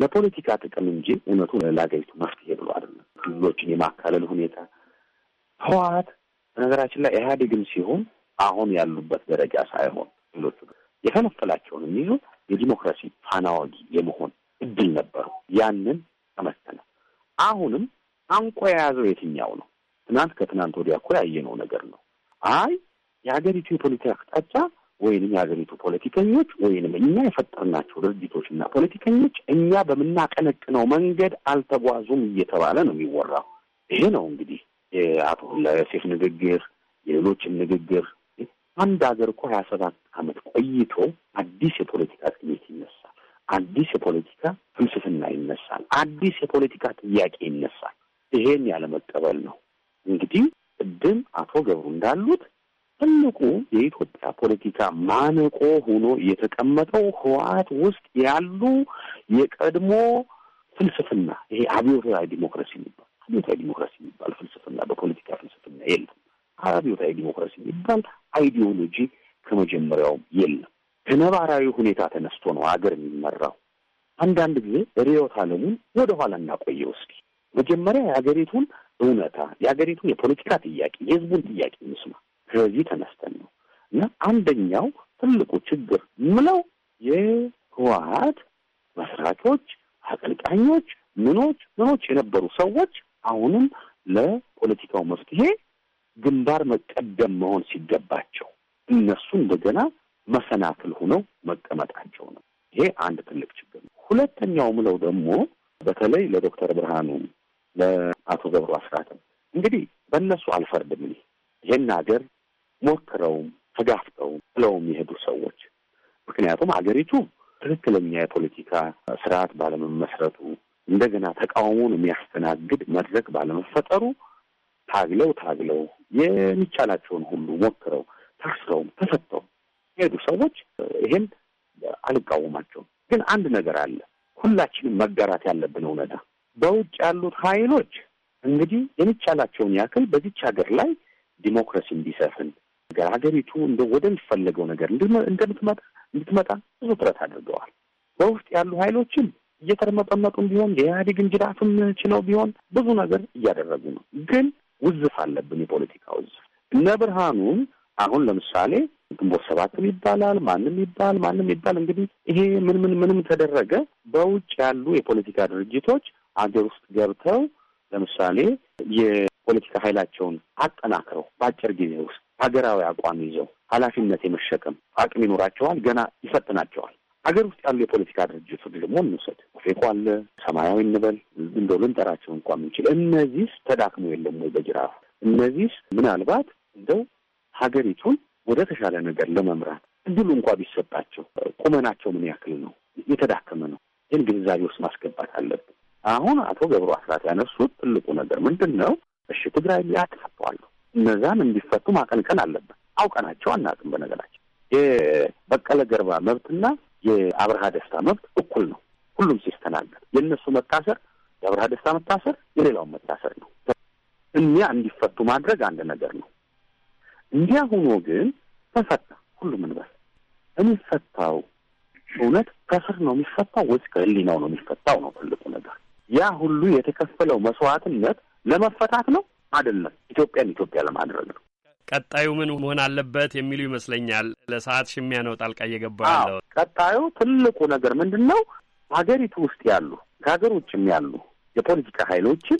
C: ለፖለቲካ ጥቅም እንጂ እውነቱ ለአገሪቱ መፍትሄ ብሎ አይደለም። ክልሎችን የማካለል ሁኔታ ህወሀት በነገራችን ላይ ኢህአዴግም ሲሆን አሁን ያሉበት ደረጃ ሳይሆን ክልሎቹ የፈለፈላቸውን የሚይዙ የዲሞክራሲ ፋናዋጊ የመሆን እድል ነበሩ። ያንን ተመተነ። አሁንም አንቆ የያዘው የትኛው ነው? ትናንት ከትናንት ወዲያ እኮ ያየነው ነገር ነው። አይ የሀገሪቱ የፖለቲካ አቅጣጫ ወይንም የሀገሪቱ ፖለቲከኞች ወይንም እኛ የፈጠርናቸው ድርጅቶችና ፖለቲከኞች እኛ በምናቀነቅነው መንገድ አልተጓዙም እየተባለ ነው የሚወራው። ይሄ ነው እንግዲህ የአቶ ሁላዮሴፍ ንግግር፣ የሌሎችን ንግግር። አንድ ሀገር እኮ ሀያ ሰባት አመት ቆይቶ አዲስ የፖለቲካ ቅኝት ይነሳል፣ አዲስ የፖለቲካ ፍልስፍና ይነሳል፣ አዲስ የፖለቲካ ጥያቄ ይነሳል። ይሄን ያለመቀበል ነው እንግዲህ ቅድም አቶ ገብሩ እንዳሉት ትልቁ የኢትዮጵያ ፖለቲካ ማነቆ ሆኖ የተቀመጠው ህወሀት ውስጥ ያሉ የቀድሞ ፍልስፍና ይሄ አብዮታዊ ዲሞክራሲ የሚባል አብዮታዊ ዲሞክራሲ የሚባል ፍልስፍና በፖለቲካ ፍልስፍና የለም። አብዮታዊ ዲሞክራሲ የሚባል አይዲዮሎጂ ከመጀመሪያውም የለም። ከነባራዊ ሁኔታ ተነስቶ ነው ሀገር የሚመራው። አንዳንድ ጊዜ ርዕዮተ ዓለሙን ወደኋላ እናቆየው እስኪ። መጀመሪያ የሀገሪቱን እውነታ፣ የሀገሪቱን የፖለቲካ ጥያቄ፣ የህዝቡን ጥያቄ እንስማ። ከዚህ ተነስተን ነው እና አንደኛው ትልቁ ችግር ምለው የህወሀት መስራቾች፣ አቀንቃኞች፣ ምኖች ምኖች የነበሩ ሰዎች አሁንም ለፖለቲካው መፍትሄ ግንባር መቀደም መሆን ሲገባቸው እነሱ እንደገና መሰናክል ሆነው መቀመጣቸው ነው። ይሄ አንድ ትልቅ ችግር ነው። ሁለተኛው ምለው ደግሞ በተለይ ለዶክተር ብርሃኑ ለአቶ ገብሩ አስራትም እንግዲህ በእነሱ አልፈርድም። ይሄን ሀገር ሞክረውም ተጋፍጠውም ብለውም የሄዱ ሰዎች ምክንያቱም ሀገሪቱ ትክክለኛ የፖለቲካ ስርዓት ባለመመስረቱ እንደገና ተቃውሞን የሚያስተናግድ መድረክ ባለመፈጠሩ ታግለው ታግለው የሚቻላቸውን ሁሉ ሞክረው ታስረውም ተፈተው የሄዱ ሰዎች ይሄን አልቃወማቸውም። ግን አንድ ነገር አለ። ሁላችንም መጋራት ያለብን እውነታ በውጭ ያሉት ኃይሎች እንግዲህ የሚቻላቸውን ያክል በዚች ሀገር ላይ ዲሞክራሲ እንዲሰፍን ነገር ሀገሪቱ እንደ ወደሚፈለገው ነገር እንደምትመጣ እንድትመጣ ብዙ ጥረት አድርገዋል። በውስጥ ያሉ ኃይሎችን እየተርመጠመጡም ቢሆን የኢህአዴግን ጅራፍም ችለው ቢሆን ብዙ ነገር እያደረጉ ነው። ግን ውዝፍ አለብን፣ የፖለቲካ ውዝፍ። እነ ብርሃኑን አሁን ለምሳሌ ግንቦት ሰባትም ይባላል ማንም ይባል ማንም ይባል እንግዲህ ይሄ ምን ምን ምንም ተደረገ። በውጭ ያሉ የፖለቲካ ድርጅቶች አገር ውስጥ ገብተው ለምሳሌ ፖለቲካ ኃይላቸውን አጠናክረው በአጭር ጊዜ ውስጥ ሀገራዊ አቋም ይዘው ኃላፊነት የመሸከም አቅም ይኖራቸዋል። ገና ይፈትናቸዋል። ሀገር ውስጥ ያሉ የፖለቲካ ድርጅቶች ደግሞ እንውሰድ፣ ኦፌኮ አለ፣ ሰማያዊ እንበል፣ እንደው ልንጠራቸው እንኳ የምንችል እነዚህስ ተዳክሞ የለም ወይ በጅራፍ እነዚህስ ምናልባት እንደው ሀገሪቱን ወደ ተሻለ ነገር ለመምራት እድሉ እንኳ ቢሰጣቸው ቁመናቸው ምን ያክል ነው? የተዳከመ ነው። ይህን ግንዛቤ ውስጥ ማስገባት አለብን። አሁን አቶ ገብሩ አስራት ያነሱት ትልቁ ነገር ምንድን ነው? እሺ ትግራይ ላይ እነዛን እንዲፈቱ ማቀንቀን አለብን። አውቀናቸው አናውቅም። በነገራችን የበቀለ ገርባ መብትና የአብርሃ ደስታ መብት እኩል ነው። ሁሉም ሲስተናገር የእነሱ መታሰር የአብርሃ ደስታ መታሰር የሌላውን መታሰር ነው። እኒያ እንዲፈቱ ማድረግ አንድ ነገር ነው። እንዲያ ሆኖ ግን ተፈታ ሁሉም እንበል የሚፈታው እውነት ከስር ነው የሚፈታው ወይስ ከህሊናው ነው የሚፈታው ነው ትልቁ ነገር። ያ ሁሉ የተከፈለው መስዋዕትነት ለመፈታት ነው አይደለም፣ ኢትዮጵያን ኢትዮጵያ ለማድረግ ነው።
I: ቀጣዩ ምን መሆን አለበት የሚሉ ይመስለኛል። ለሰዓት ሽሚያ ነው ጣልቃ እየገባ ያለው።
C: ቀጣዩ ትልቁ ነገር ምንድን ነው? ሀገሪቱ ውስጥ ያሉ ከሀገር ውጭም ያሉ የፖለቲካ ኃይሎችን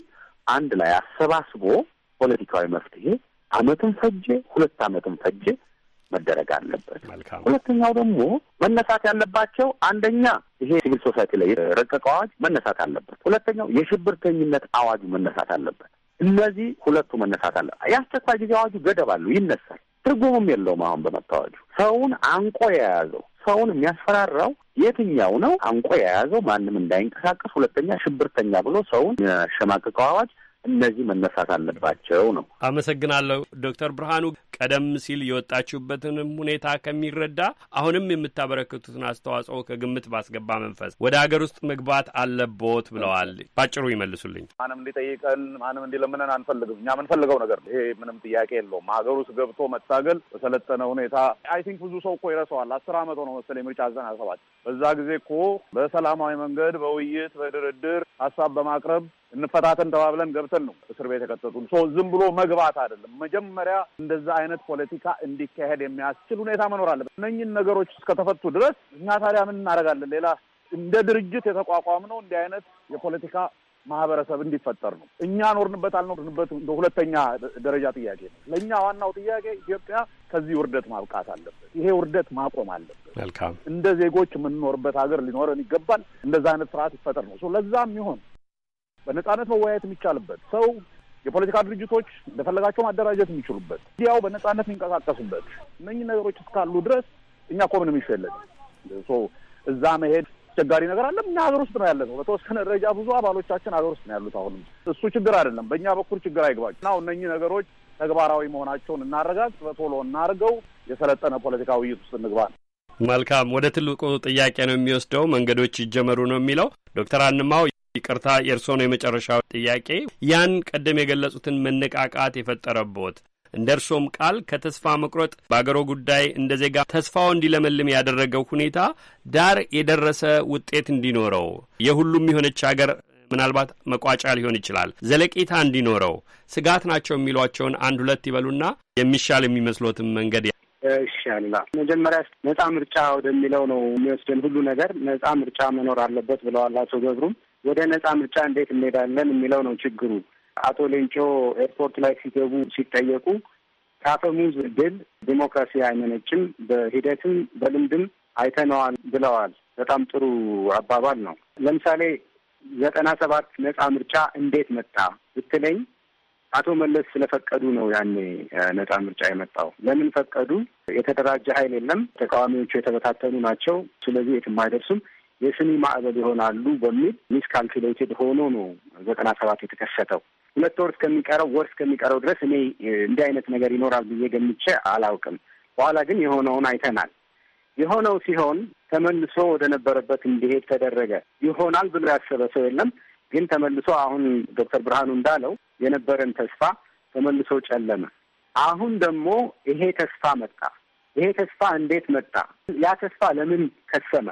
C: አንድ ላይ አሰባስቦ ፖለቲካዊ መፍትሄ አመትም ፈጀ ሁለት አመትም ፈጀ መደረግ አለበት። ሁለተኛው ደግሞ መነሳት ያለባቸው አንደኛ ይሄ ሲቪል ሶሳይቲ ላይ ረቀቀ አዋጅ መነሳት አለበት። ሁለተኛው የሽብርተኝነት አዋጅ መነሳት አለበት። እነዚህ ሁለቱ መነሳት አለ። የአስቸኳይ ጊዜ አዋጁ ገደብ አለው፣ ይነሳል። ትርጉምም የለውም። አሁን በመታወጁ ሰውን አንቆ የያዘው ሰውን የሚያስፈራራው የትኛው ነው? አንቆ የያዘው ማንም እንዳይንቀሳቀስ፣ ሁለተኛ ሽብርተኛ ብሎ ሰውን የሚያሸማቅቀው አዋጅ እነዚህ መነሳት አለባቸው ነው።
I: አመሰግናለሁ ዶክተር ብርሃኑ ቀደም ሲል የወጣችሁበትንም ሁኔታ ከሚረዳ አሁንም የምታበረክቱትን አስተዋጽኦ ከግምት ባስገባ መንፈስ ወደ ሀገር ውስጥ መግባት አለቦት ብለዋል። ባጭሩ ይመልሱልኝ።
K: ማንም እንዲጠይቀን ማንም እንዲለምነን አንፈልግም። እኛ የምንፈልገው ነገር ይሄ ምንም ጥያቄ የለውም። ሀገር ውስጥ ገብቶ መታገል በሰለጠነ ሁኔታ አይ ቲንክ ብዙ ሰው እኮ ይረሰዋል። አስር አመት ሆነው መሰለኝ የምርጫ ዘጠና ሰባት በዛ ጊዜ እኮ በሰላማዊ መንገድ በውይይት በድርድር ሀሳብ በማቅረብ እንፈታተን ተባብለን ገብተን ነው እስር ቤት የከተቱን። ዝም ብሎ መግባት አይደለም። መጀመሪያ እንደዛ አይነት ፖለቲካ እንዲካሄድ የሚያስችል ሁኔታ መኖር አለበት። እነኝን ነገሮች እስከተፈቱ ድረስ እኛ ታዲያ ምን እናደርጋለን? ሌላ እንደ ድርጅት የተቋቋም ነው እንዲህ አይነት የፖለቲካ ማህበረሰብ እንዲፈጠር ነው። እኛ ኖርንበት አልኖርንበት ሁለተኛ ደረጃ ጥያቄ ነው። ለእኛ ዋናው ጥያቄ ኢትዮጵያ ከዚህ ውርደት ማብቃት አለበት። ይሄ ውርደት ማቆም አለበት። መልካም እንደ ዜጎች የምንኖርበት ሀገር ሊኖረን ይገባል። እንደዛ አይነት ስርዓት ይፈጠር ነው ለዛም ይሆን በነጻነት መወያየት የሚቻልበት ሰው የፖለቲካ ድርጅቶች እንደፈለጋቸው ማደራጀት የሚችሉበት ሚዲያው በነጻነት የሚንቀሳቀሱበት እነኚህ ነገሮች እስካሉ ድረስ እኛ እኮ ምንም ይሸለን እዛ መሄድ አስቸጋሪ ነገር አለም። እኛ ሀገር ውስጥ ነው ያለ ነው። በተወሰነ ደረጃ ብዙ አባሎቻችን ሀገር ውስጥ ነው ያሉት። አሁንም እሱ ችግር አይደለም። በእኛ በኩል ችግር አይግባቸው እና እነኚህ ነገሮች ተግባራዊ መሆናቸውን እናረጋግጥ፣ በቶሎ እናርገው፣ የሰለጠነ ፖለቲካ ውይይት ውስጥ እንግባ ነው።
I: መልካም። ወደ ትልቁ ጥያቄ ነው የሚወስደው መንገዶች ይጀመሩ ነው የሚለው ዶክተር አንማው ይቅርታ የእርስዎ ነው የመጨረሻው ጥያቄ። ያን ቀደም የገለጹትን መነቃቃት የፈጠረቦት እንደ እርሶም ቃል ከተስፋ መቁረጥ በአገሮ ጉዳይ እንደ ዜጋ ተስፋው እንዲለመልም ያደረገው ሁኔታ ዳር የደረሰ ውጤት እንዲኖረው የሁሉም የሆነች አገር ምናልባት መቋጫ ሊሆን ይችላል፣ ዘለቄታ እንዲኖረው ስጋት ናቸው የሚሏቸውን አንድ ሁለት ይበሉና የሚሻል የሚመስሎትም መንገድ
C: እሻላ መጀመሪያ ነጻ ምርጫ ወደሚለው ነው የሚወስደን ሁሉ ነገር ነጻ ምርጫ መኖር አለበት ብለዋል አቶ ገብሩም ወደ ነጻ ምርጫ እንዴት እንሄዳለን የሚለው ነው ችግሩ። አቶ ሌንጮ ኤርፖርት ላይ ሲገቡ ሲጠየቁ ከአፈሙዝ ድል ዲሞክራሲ አይመነጭም፣ በሂደትም በልምድም አይተነዋል ብለዋል። በጣም ጥሩ አባባል ነው። ለምሳሌ ዘጠና ሰባት ነጻ ምርጫ እንዴት መጣ ብትለኝ አቶ መለስ ስለፈቀዱ ነው ያኔ ነጻ ምርጫ የመጣው። ለምን ፈቀዱ? የተደራጀ ኃይል የለም፣ ተቃዋሚዎቹ የተበታተኑ ናቸው፣ ስለዚህ የትም አይደርሱም። የስኒ ማዕበል ይሆናሉ በሚል ሚስካልኩሌትድ ሆኖ ነው ዘጠና ሰባት የተከሰተው። ሁለት ወር እስከሚቀረው ወር እስከሚቀረው ድረስ እኔ እንዲህ አይነት ነገር ይኖራል ብዬ ገምቼ አላውቅም። በኋላ ግን የሆነውን አይተናል። የሆነው ሲሆን ተመልሶ ወደ ነበረበት እንዲሄድ ተደረገ። ይሆናል ብሎ ያሰበ ሰው የለም። ግን ተመልሶ አሁን ዶክተር ብርሃኑ እንዳለው የነበረን ተስፋ ተመልሶ ጨለመ። አሁን ደግሞ ይሄ ተስፋ መጣ። ይሄ ተስፋ እንዴት መጣ? ያ ተስፋ ለምን ከሰመ?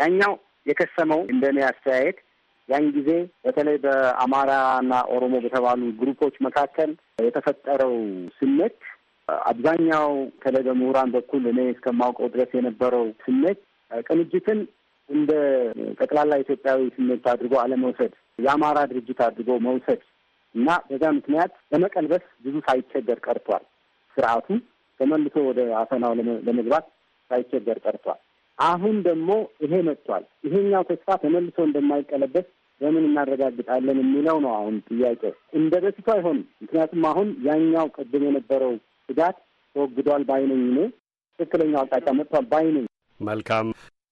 C: ያኛው የከሰመው እንደኔ አስተያየት ያን ጊዜ በተለይ በአማራና ኦሮሞ በተባሉ ግሩፖች መካከል የተፈጠረው ስሜት አብዛኛው በተለይ በምሁራን በኩል እኔ እስከማውቀው ድረስ የነበረው ስሜት ቅንጅትን እንደ ጠቅላላ ኢትዮጵያዊ ስሜት አድርጎ አለመውሰድ፣ የአማራ ድርጅት አድርጎ መውሰድ እና በዛ ምክንያት ለመቀልበስ ብዙ ሳይቸገር ቀርቷል። ስርዓቱ ተመልሶ ወደ አፈናው ለመግባት ሳይቸገር ቀርቷል። አሁን ደግሞ ይሄ መጥቷል። ይሄኛው ተስፋ ተመልሶ እንደማይቀለበስ በምን እናረጋግጣለን የሚለው ነው አሁን ጥያቄ። እንደ በፊቱ አይሆንም። ምክንያቱም አሁን ያኛው ቅድም የነበረው ስጋት ተወግዷል ባይነኝ እኔ ትክክለኛው አቅጣጫ መጥቷል ባይነኝ።
I: መልካም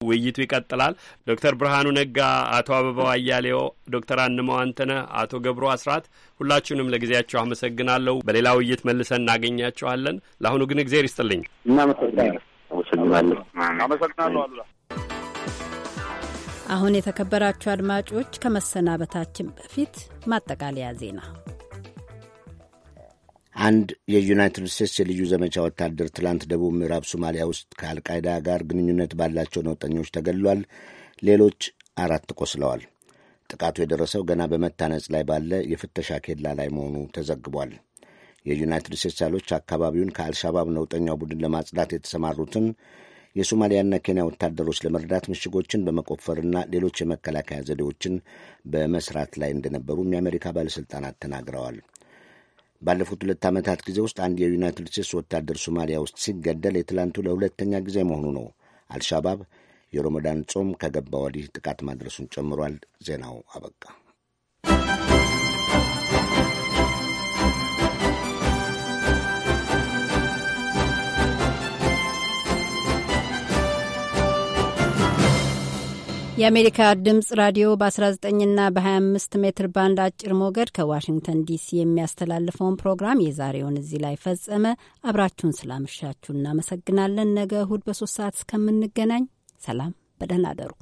I: ውይይቱ ይቀጥላል። ዶክተር ብርሃኑ ነጋ፣ አቶ አበባው አያሌው፣ ዶክተር አንማው አንተነህ፣ አቶ ገብሩ አስራት ሁላችሁንም ለጊዜያችሁ አመሰግናለሁ። በሌላ ውይይት መልሰን እናገኛችኋለን። ለአሁኑ ግን እግዜር ይስጥልኝ።
C: እናመሰግናለን።
I: አመሰግናለሁ። አመሰግናለሁ አሉላ።
A: አሁን የተከበራችሁ አድማጮች ከመሰናበታችን በፊት ማጠቃለያ ዜና።
D: አንድ የዩናይትድ ስቴትስ የልዩ ዘመቻ ወታደር ትላንት ደቡብ ምዕራብ ሶማሊያ ውስጥ ከአልቃይዳ ጋር ግንኙነት ባላቸው ነውጠኞች ተገድሏል። ሌሎች አራት ቆስለዋል። ጥቃቱ የደረሰው ገና በመታነጽ ላይ ባለ የፍተሻ ኬላ ላይ መሆኑ ተዘግቧል። የዩናይትድ ስቴትስ ኃይሎች አካባቢውን ከአልሻባብ ነውጠኛው ቡድን ለማጽዳት የተሰማሩትን የሶማሊያና ኬንያ ወታደሮች ለመርዳት ምሽጎችን በመቆፈርና ሌሎች የመከላከያ ዘዴዎችን በመስራት ላይ እንደነበሩም የአሜሪካ ባለሥልጣናት ተናግረዋል። ባለፉት ሁለት ዓመታት ጊዜ ውስጥ አንድ የዩናይትድ ስቴትስ ወታደር ሶማሊያ ውስጥ ሲገደል የትላንቱ ለሁለተኛ ጊዜ መሆኑ ነው። አልሻባብ የሮመዳን ጾም ከገባ ወዲህ ጥቃት ማድረሱን ጨምሯል። ዜናው አበቃ።
A: የአሜሪካ ድምጽ ራዲዮ በ19ና በ25 ሜትር ባንድ አጭር ሞገድ ከዋሽንግተን ዲሲ የሚያስተላልፈውን ፕሮግራም የዛሬውን እዚህ ላይ ፈጸመ። አብራችሁን ስላመሻችሁ እናመሰግናለን። ነገ እሁድ በሶስት ሰዓት እስከምንገናኝ ሰላም፣ በደህና አደሩ።